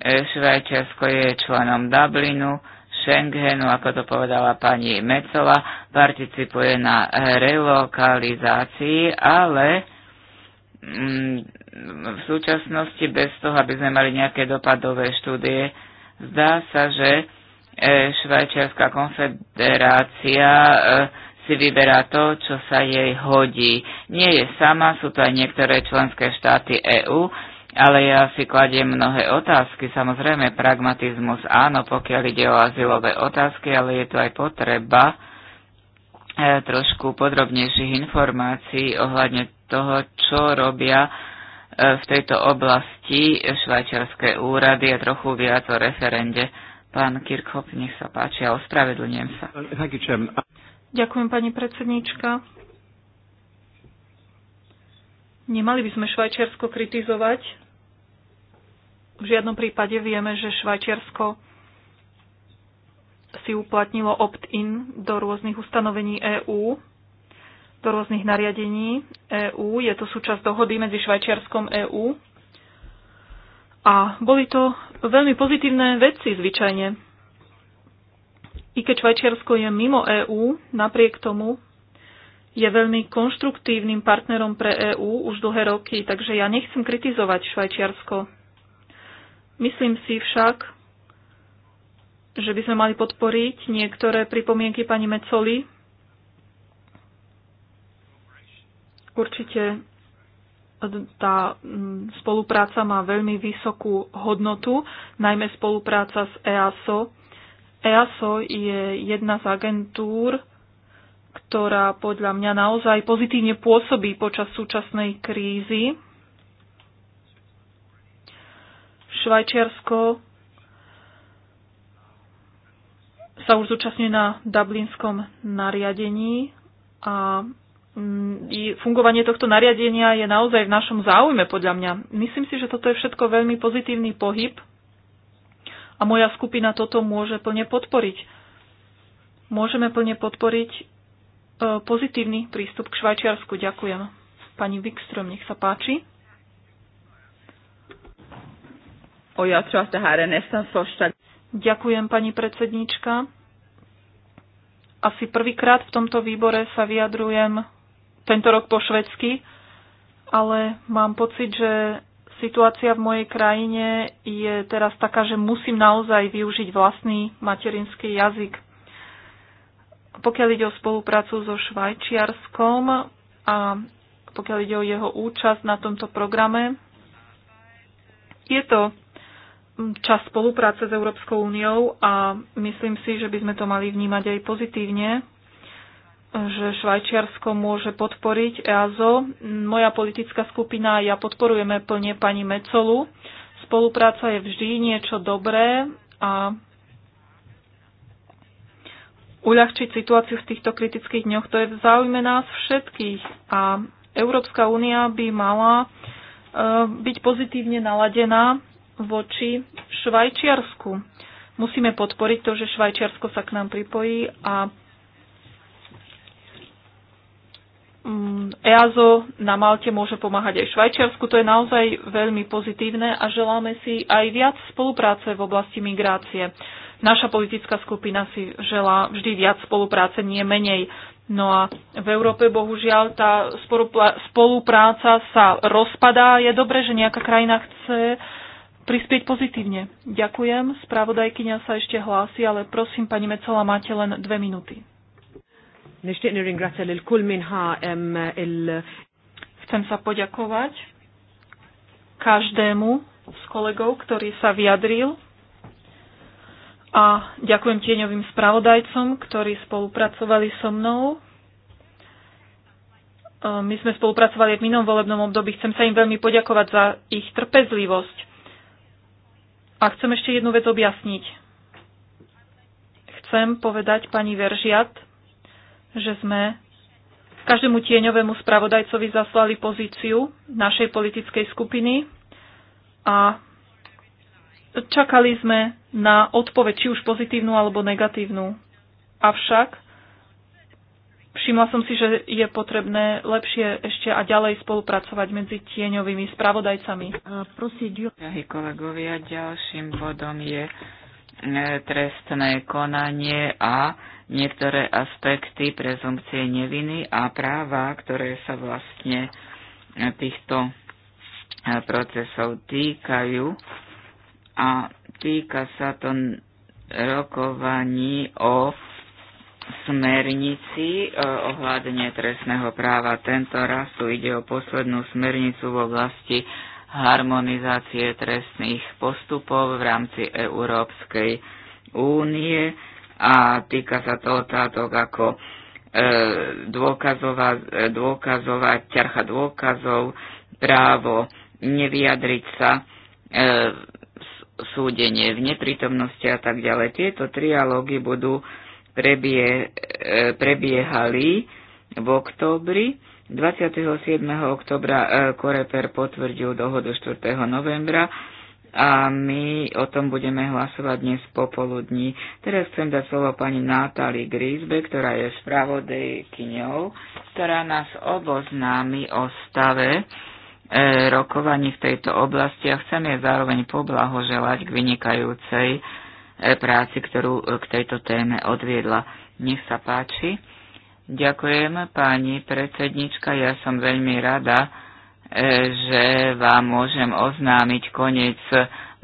E, Švajčiarsko je členom Dublinu, Schengenu, ako to povedala pani Mecova, participuje na relokalizácii, ale mm, v súčasnosti bez toho, aby sme mali nejaké dopadové štúdie, zdá sa, že e, Švajčiarska konfederácia e, si vyberá to, čo sa jej hodí. Nie je sama, sú to aj niektoré členské štáty EÚ, ale ja si kladiem mnohé otázky. Samozrejme, pragmatizmus áno, pokiaľ ide o azylové otázky, ale je tu aj potreba e, trošku podrobnejších informácií ohľadne toho, čo robia e, v tejto oblasti švajčiarske úrady a trochu viac o referende. Pán Kirchhoff, nech sa páči a ja ospravedlňujem sa. Ďakujem, pani predsednička. Nemali by sme Švajčiarsko kritizovať. V žiadnom prípade vieme, že Švajčiarsko si uplatnilo opt-in do rôznych ustanovení EÚ, do rôznych nariadení EÚ. Je to súčasť dohody medzi Švajčiarskom EÚ. A boli to veľmi pozitívne veci zvyčajne i keď Švajčiarsko je mimo EÚ, napriek tomu je veľmi konštruktívnym partnerom pre EÚ už dlhé roky, takže ja nechcem kritizovať Švajčiarsko. Myslím si však, že by sme mali podporiť niektoré pripomienky pani Mecoli. Určite tá mm, spolupráca má veľmi vysokú hodnotu, najmä spolupráca s EASO EASO je jedna z agentúr, ktorá podľa mňa naozaj pozitívne pôsobí počas súčasnej krízy. Švajčiarsko sa už zúčastňuje na dublinskom nariadení a mm, fungovanie tohto nariadenia je naozaj v našom záujme, podľa mňa. Myslím si, že toto je všetko veľmi pozitívny pohyb a moja skupina toto môže plne podporiť. Môžeme plne podporiť e, pozitívny prístup k Švajčiarsku. Ďakujem. Pani Wikström, nech sa páči. O ja Ďakujem, pani predsednička. Asi prvýkrát v tomto výbore sa vyjadrujem tento rok po švedsky, ale mám pocit, že Situácia v mojej krajine je teraz taká, že musím naozaj využiť vlastný materinský jazyk. Pokiaľ ide o spoluprácu so Švajčiarskom a pokiaľ ide o jeho účasť na tomto programe, je to čas spolupráce s Európskou úniou a myslím si, že by sme to mali vnímať aj pozitívne, že Švajčiarsko môže podporiť EASO. Moja politická skupina ja podporujeme plne pani Mecolu. Spolupráca je vždy niečo dobré a uľahčiť situáciu v týchto kritických dňoch, to je v záujme nás všetkých. A Európska únia by mala e, byť pozitívne naladená voči Švajčiarsku. Musíme podporiť to, že Švajčiarsko sa k nám pripojí a Mm, EASO na Malte môže pomáhať aj Švajčiarsku. To je naozaj veľmi pozitívne a želáme si aj viac spolupráce v oblasti migrácie. Naša politická skupina si želá vždy viac spolupráce, nie menej. No a v Európe bohužiaľ tá spolupráca sa rozpadá. Je dobré, že nejaká krajina chce prispieť pozitívne. Ďakujem. Spravodajkyňa sa ešte hlási, ale prosím, pani Mecola, máte len dve minúty il- Chcem sa poďakovať každému z kolegov, ktorý sa vyjadril a ďakujem tieňovým spravodajcom, ktorí spolupracovali so mnou. E, my sme spolupracovali v minom volebnom období. Chcem sa im veľmi poďakovať za ich trpezlivosť. A chcem ešte jednu vec objasniť. Chcem povedať pani Veržiat, že sme každému tieňovému spravodajcovi zaslali pozíciu našej politickej skupiny a čakali sme na odpoveď, či už pozitívnu alebo negatívnu. Avšak všimla som si, že je potrebné lepšie ešte a ďalej spolupracovať medzi tieňovými spravodajcami. Prosím, kolegovia, ďalším bodom je trestné konanie a niektoré aspekty prezumpcie neviny a práva, ktoré sa vlastne týchto e, procesov týkajú. A týka sa to rokovaní o smernici e, ohľadne trestného práva. Tento raz tu ide o poslednú smernicu v oblasti harmonizácie trestných postupov v rámci Európskej únie a týka sa to otázok ako e, dôkazová, dôkazová ťarcha dôkazov, právo nevyjadriť sa, e, súdenie v neprítomnosti a tak ďalej. Tieto trialógy budú prebie, e, prebiehali v oktobri 27. oktobra e, Koreper potvrdil dohodu 4. novembra a my o tom budeme hlasovať dnes popoludní. Teraz chcem dať slovo pani Natali Grisbe, ktorá je spravodajkyňou, ktorá nás oboznámi o stave e, rokovaní v tejto oblasti a chcem jej zároveň poblahoželať k vynikajúcej e, práci, ktorú e, k tejto téme odviedla. Nech sa páči. Ďakujem, pani predsednička. Ja som veľmi rada, e, že vám môžem oznámiť koniec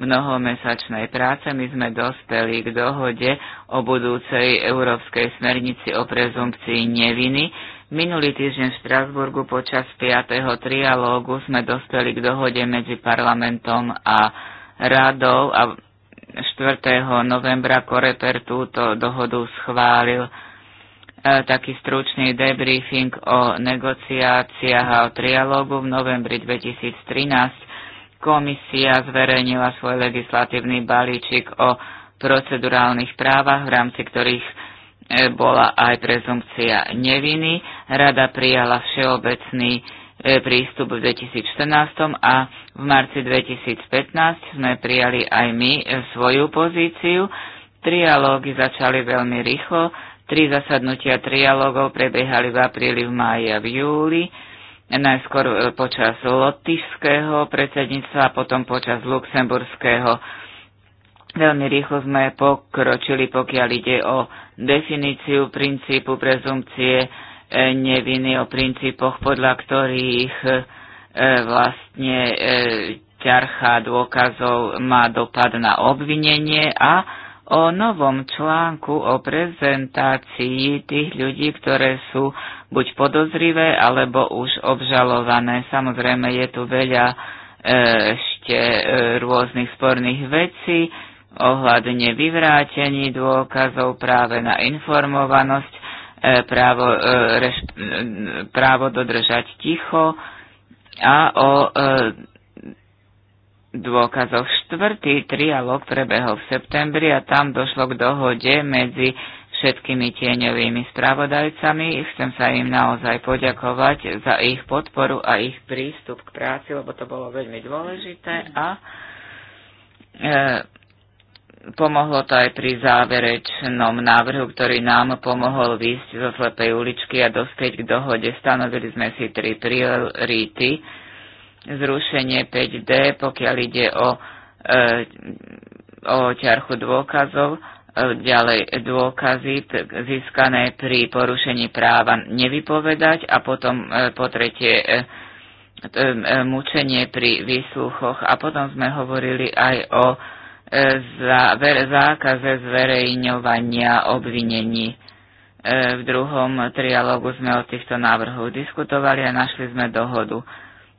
mnohomesačnej práce. My sme dospeli k dohode o budúcej európskej smernici o prezumpcii neviny. Minulý týždeň v Štrasburgu počas 5. trialógu sme dospeli k dohode medzi parlamentom a radou a 4. novembra Koreper túto dohodu schválil. E, taký stručný debriefing o negociáciách a o trialógu v novembri 2013. Komisia zverejnila svoj legislatívny balíčik o procedurálnych právach, v rámci ktorých e, bola aj prezumpcia neviny. Rada prijala všeobecný e, prístup v 2014 a v marci 2015 sme prijali aj my svoju pozíciu. Trialógy začali veľmi rýchlo Tri zasadnutia trialogov prebiehali v apríli, v máji a v júli, najskôr e, počas lotyšského predsedníctva a potom počas luxemburského. Veľmi rýchlo sme pokročili, pokiaľ ide o definíciu princípu prezumcie e, neviny, o princípoch, podľa ktorých e, vlastne ťarcha dôkazov má dopad na obvinenie a o novom článku o prezentácii tých ľudí, ktoré sú buď podozrivé alebo už obžalované. Samozrejme je tu veľa e, ešte e, rôznych sporných vecí ohľadne vyvrátení dôkazov práve na informovanosť, e, právo, právo dodržať ticho a o dôkazoch. Štvrtý trialog prebehol v septembri a tam došlo k dohode medzi všetkými tieňovými spravodajcami. Chcem sa im naozaj poďakovať za ich podporu a ich prístup k práci, lebo to bolo veľmi dôležité a e, pomohlo to aj pri záverečnom návrhu, ktorý nám pomohol výjsť zo slepej uličky a dospieť k dohode. Stanovili sme si tri priority zrušenie 5D, pokiaľ ide o, e, o ťarchu dôkazov, e, ďalej dôkazy získané pri porušení práva nevypovedať a potom e, po tretie e, e, e mučenie pri výsluchoch a potom sme hovorili aj o e, za, ver, zákaze zverejňovania obvinení. E, v druhom trialógu sme o týchto návrhoch diskutovali a našli sme dohodu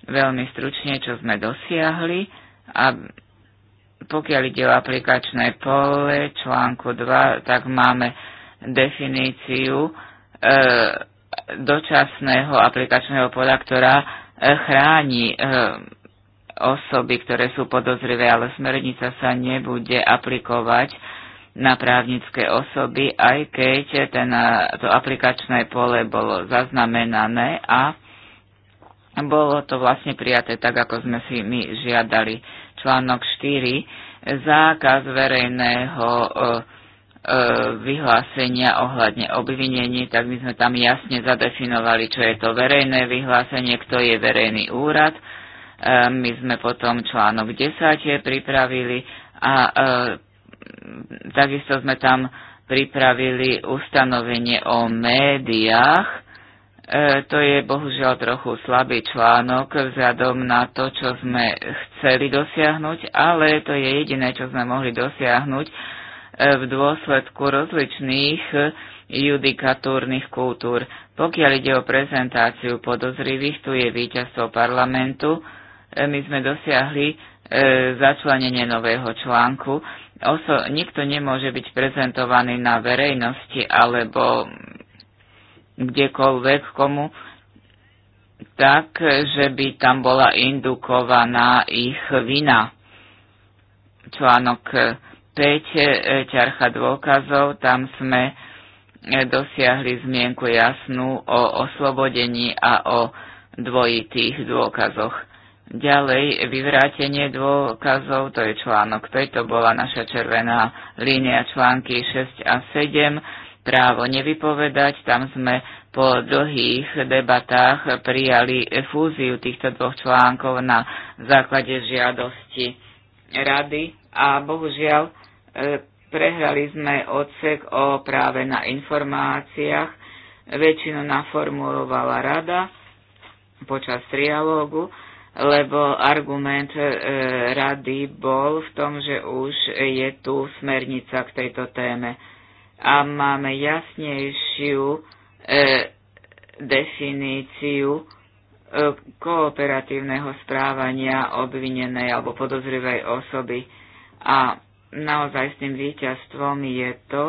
veľmi stručne, čo sme dosiahli a pokiaľ ide o aplikačné pole článku 2, tak máme definíciu e, dočasného aplikačného pola, ktorá e, chráni e, osoby, ktoré sú podozrivé, ale smernica sa nebude aplikovať na právnické osoby, aj keď ten, e, to aplikačné pole bolo zaznamenané a bolo to vlastne prijaté tak, ako sme si my žiadali. Článok 4. Zákaz verejného e, e, vyhlásenia ohľadne obvinení, tak my sme tam jasne zadefinovali, čo je to verejné vyhlásenie, kto je verejný úrad. E, my sme potom článok 10 pripravili a e, takisto sme tam pripravili ustanovenie o médiách, E, to je bohužiaľ trochu slabý článok vzhľadom na to, čo sme chceli dosiahnuť, ale to je jediné, čo sme mohli dosiahnuť e, v dôsledku rozličných judikatúrnych kultúr. Pokiaľ ide o prezentáciu podozrivých, tu je víťazstvo parlamentu. E, my sme dosiahli začlenenie nového článku. Oso, nikto nemôže byť prezentovaný na verejnosti alebo kdekoľvek komu, tak, že by tam bola indukovaná ich vina. Článok 5, e, ťarcha dôkazov, tam sme e, dosiahli zmienku jasnú o oslobodení a o dvojitých dôkazoch. Ďalej, vyvrátenie dôkazov, to je článok 5, to bola naša červená línia články 6 a 7, právo nevypovedať. Tam sme po dlhých debatách prijali fúziu týchto dvoch článkov na základe žiadosti rady a bohužiaľ e, prehrali sme odsek o práve na informáciách. Väčšinu naformulovala rada počas trialógu lebo argument e, rady bol v tom, že už je tu smernica k tejto téme a máme jasnejšiu e, definíciu e, kooperatívneho správania obvinenej alebo podozrivej osoby. A naozaj s tým víťazstvom je to,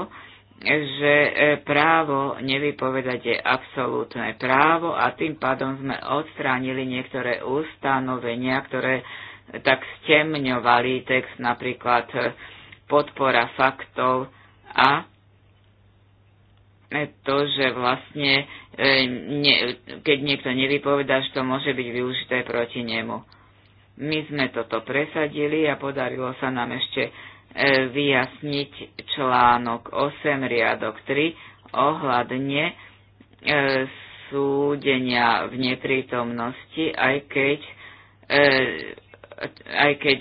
že e, právo nevypovedať je absolútne právo a tým pádom sme odstránili niektoré ustanovenia, ktoré tak stemňovali text, napríklad e, podpora faktov a to, že vlastne e, ne, keď niekto nevypovedá, že to môže byť využité proti nemu. My sme toto presadili a podarilo sa nám ešte e, vyjasniť článok 8 riadok 3 ohľadne e, súdenia v neprítomnosti, aj keď, aj keď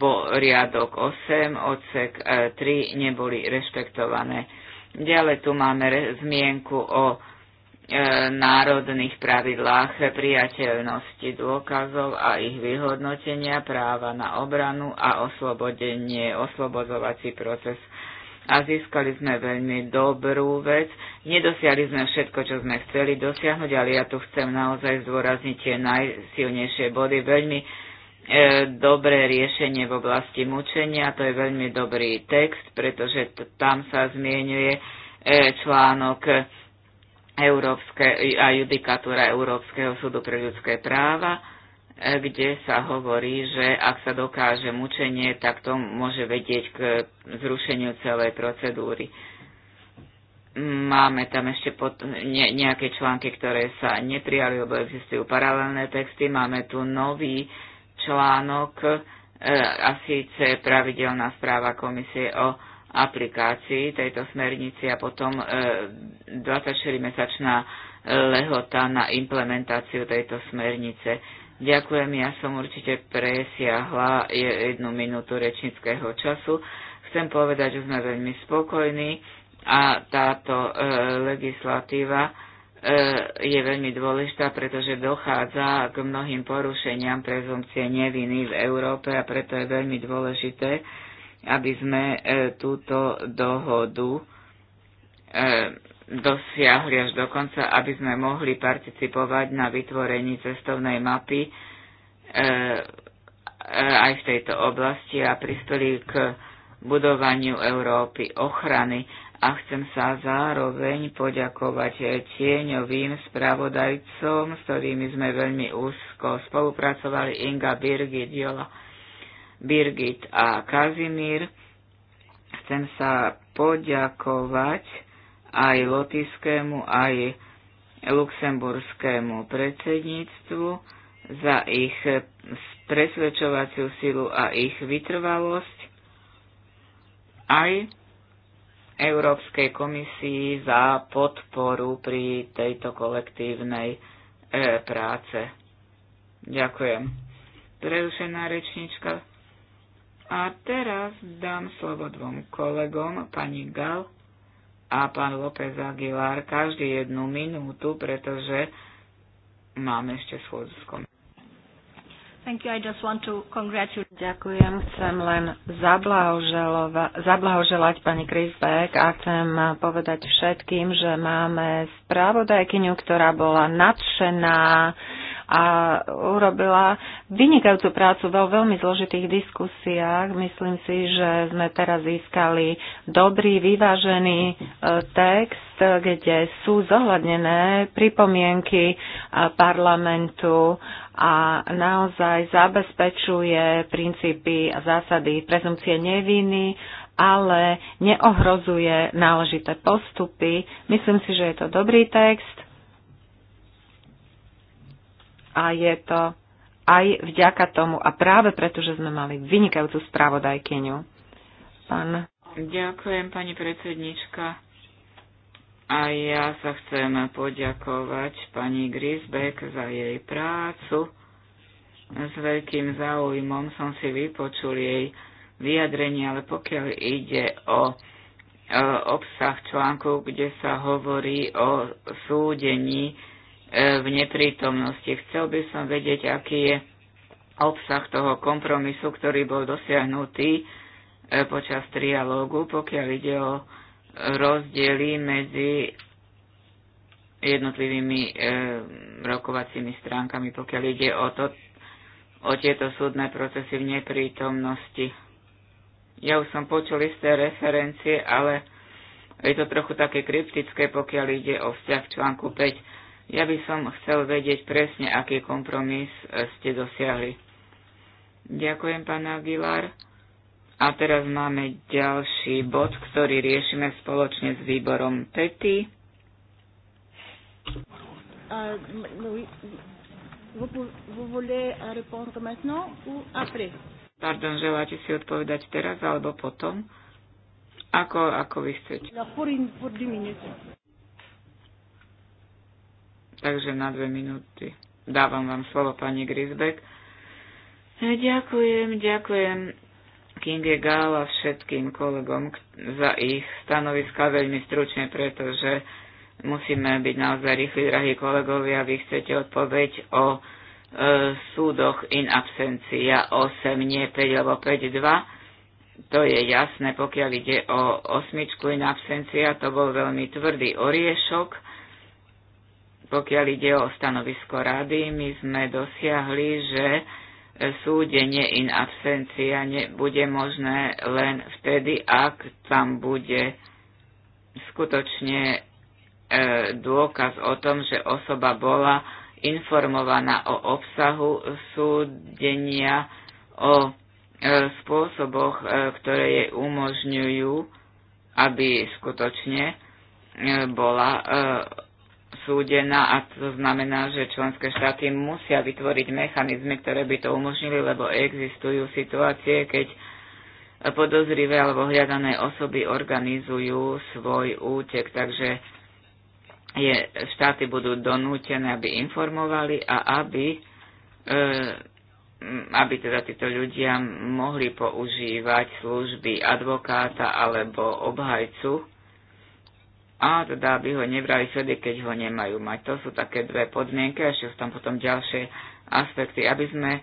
bol riadok 8 odsek 3 neboli rešpektované. Ďalej tu máme zmienku o e, národných pravidlách priateľnosti dôkazov a ich vyhodnotenia, práva na obranu a oslobodenie, oslobozovací proces. A získali sme veľmi dobrú vec. Nedosiahli sme všetko, čo sme chceli dosiahnuť, ale ja tu chcem naozaj zdôrazniť tie najsilnejšie body. Veľmi E, dobré riešenie v oblasti mučenia. To je veľmi dobrý text, pretože tam sa zmienuje e, článok Európske, a judikatúra Európskeho súdu pre ľudské práva, e, kde sa hovorí, že ak sa dokáže mučenie, tak to môže vedieť k zrušeniu celej procedúry. Máme tam ešte pod, ne, nejaké články, ktoré sa neprijali, lebo existujú paralelné texty. Máme tu nový článok e, a síce pravidelná správa komisie o aplikácii tejto smernici a potom 24-mesačná e, e, lehota na implementáciu tejto smernice. Ďakujem, ja som určite presiahla jednu minútu rečníckého času. Chcem povedať, že sme veľmi spokojní a táto legislatíva E, je veľmi dôležitá, pretože dochádza k mnohým porušeniam prezumcie neviny v Európe a preto je veľmi dôležité, aby sme e, túto dohodu e, dosiahli až do konca, aby sme mohli participovať na vytvorení cestovnej mapy aj v tejto oblasti a prispeli k budovaniu Európy ochrany a chcem sa zároveň poďakovať tieňovým spravodajcom, s ktorými sme veľmi úzko spolupracovali Inga, Birgit, Jola, Birgit a Kazimír. Chcem sa poďakovať aj lotiskému, aj luxemburskému predsedníctvu za ich presvedčovaciu silu a ich vytrvalosť. Aj Európskej komisii za podporu pri tejto kolektívnej e, práce. Ďakujem. Prerušená rečnička. A teraz dám slovo dvom kolegom, pani Gal a pán López Aguilar, každý jednu minútu, pretože máme ešte schôdzu s Thank you. I just want to congratulate. Ďakujem. Chcem len zablahoželať pani Krisbeck a chcem povedať všetkým, že máme spravodajkyňu, ktorá bola nadšená a urobila vynikajúcu prácu vo veľmi zložitých diskusiách. Myslím si, že sme teraz získali dobrý, vyvážený e, text, kde sú zohľadnené pripomienky e, parlamentu a naozaj zabezpečuje princípy a zásady prezumcie neviny, ale neohrozuje náležité postupy. Myslím si, že je to dobrý text a je to aj vďaka tomu a práve preto, že sme mali vynikajúcu spravodajkyňu. Pán. Ďakujem, pani predsednička. A ja sa chcem poďakovať pani Grisbeck za jej prácu. S veľkým záujmom som si vypočul jej vyjadrenie, ale pokiaľ ide o e, obsah článku, kde sa hovorí o súdení e, v neprítomnosti. Chcel by som vedieť, aký je obsah toho kompromisu, ktorý bol dosiahnutý e, počas trialógu, pokiaľ ide o rozdiely medzi jednotlivými e, rokovacími stránkami, pokiaľ ide o, to, o tieto súdne procesy v neprítomnosti. Ja už som počul isté referencie, ale je to trochu také kryptické, pokiaľ ide o vzťah článku 5. Ja by som chcel vedieť presne, aký kompromis e, ste dosiahli. Ďakujem, pán Aguilar. A teraz máme ďalší bod, ktorý riešime spoločne s výborom PETI. No, Pardon, želáte si odpovedať teraz alebo potom? Ako, ako vy chcete? No, Takže na dve minúty. Dávam vám slovo, pani Grisbeck. Ďakujem, ďakujem. Kinge Gál a všetkým kolegom za ich stanoviska veľmi stručne, pretože musíme byť naozaj rýchli, drahí kolegovia. Vy chcete odpoveď o e, súdoch in absencia 8, nie 5, lebo 5, 2. To je jasné, pokiaľ ide o osmičku in absencia, to bol veľmi tvrdý oriešok. Pokiaľ ide o stanovisko rady, my sme dosiahli, že súdenie in absencia bude možné len vtedy, ak tam bude skutočne e, dôkaz o tom, že osoba bola informovaná o obsahu súdenia, o e, spôsoboch, e, ktoré jej umožňujú, aby skutočne bola súdená a to znamená, že členské štáty musia vytvoriť mechanizmy, ktoré by to umožnili, lebo existujú situácie, keď podozrivé alebo hľadané osoby organizujú svoj útek, takže je, štáty budú donútené, aby informovali a aby, e, aby teda títo ľudia mohli používať služby advokáta alebo obhajcu a teda aby ho nebrali vtedy, keď ho nemajú mať. To sú také dve podmienky, ešte sú tam potom ďalšie aspekty, aby sme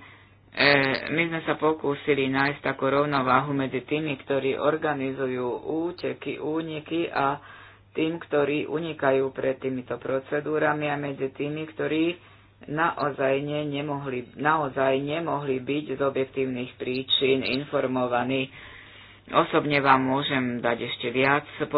e, my sme sa pokúsili nájsť takú rovnováhu medzi tými, ktorí organizujú úteky, úniky a tým, ktorí unikajú pred týmito procedúrami a medzi tými, ktorí naozaj, ne, nemohli, naozaj nemohli byť z objektívnych príčin informovaní. Osobne vám môžem dať ešte viac pod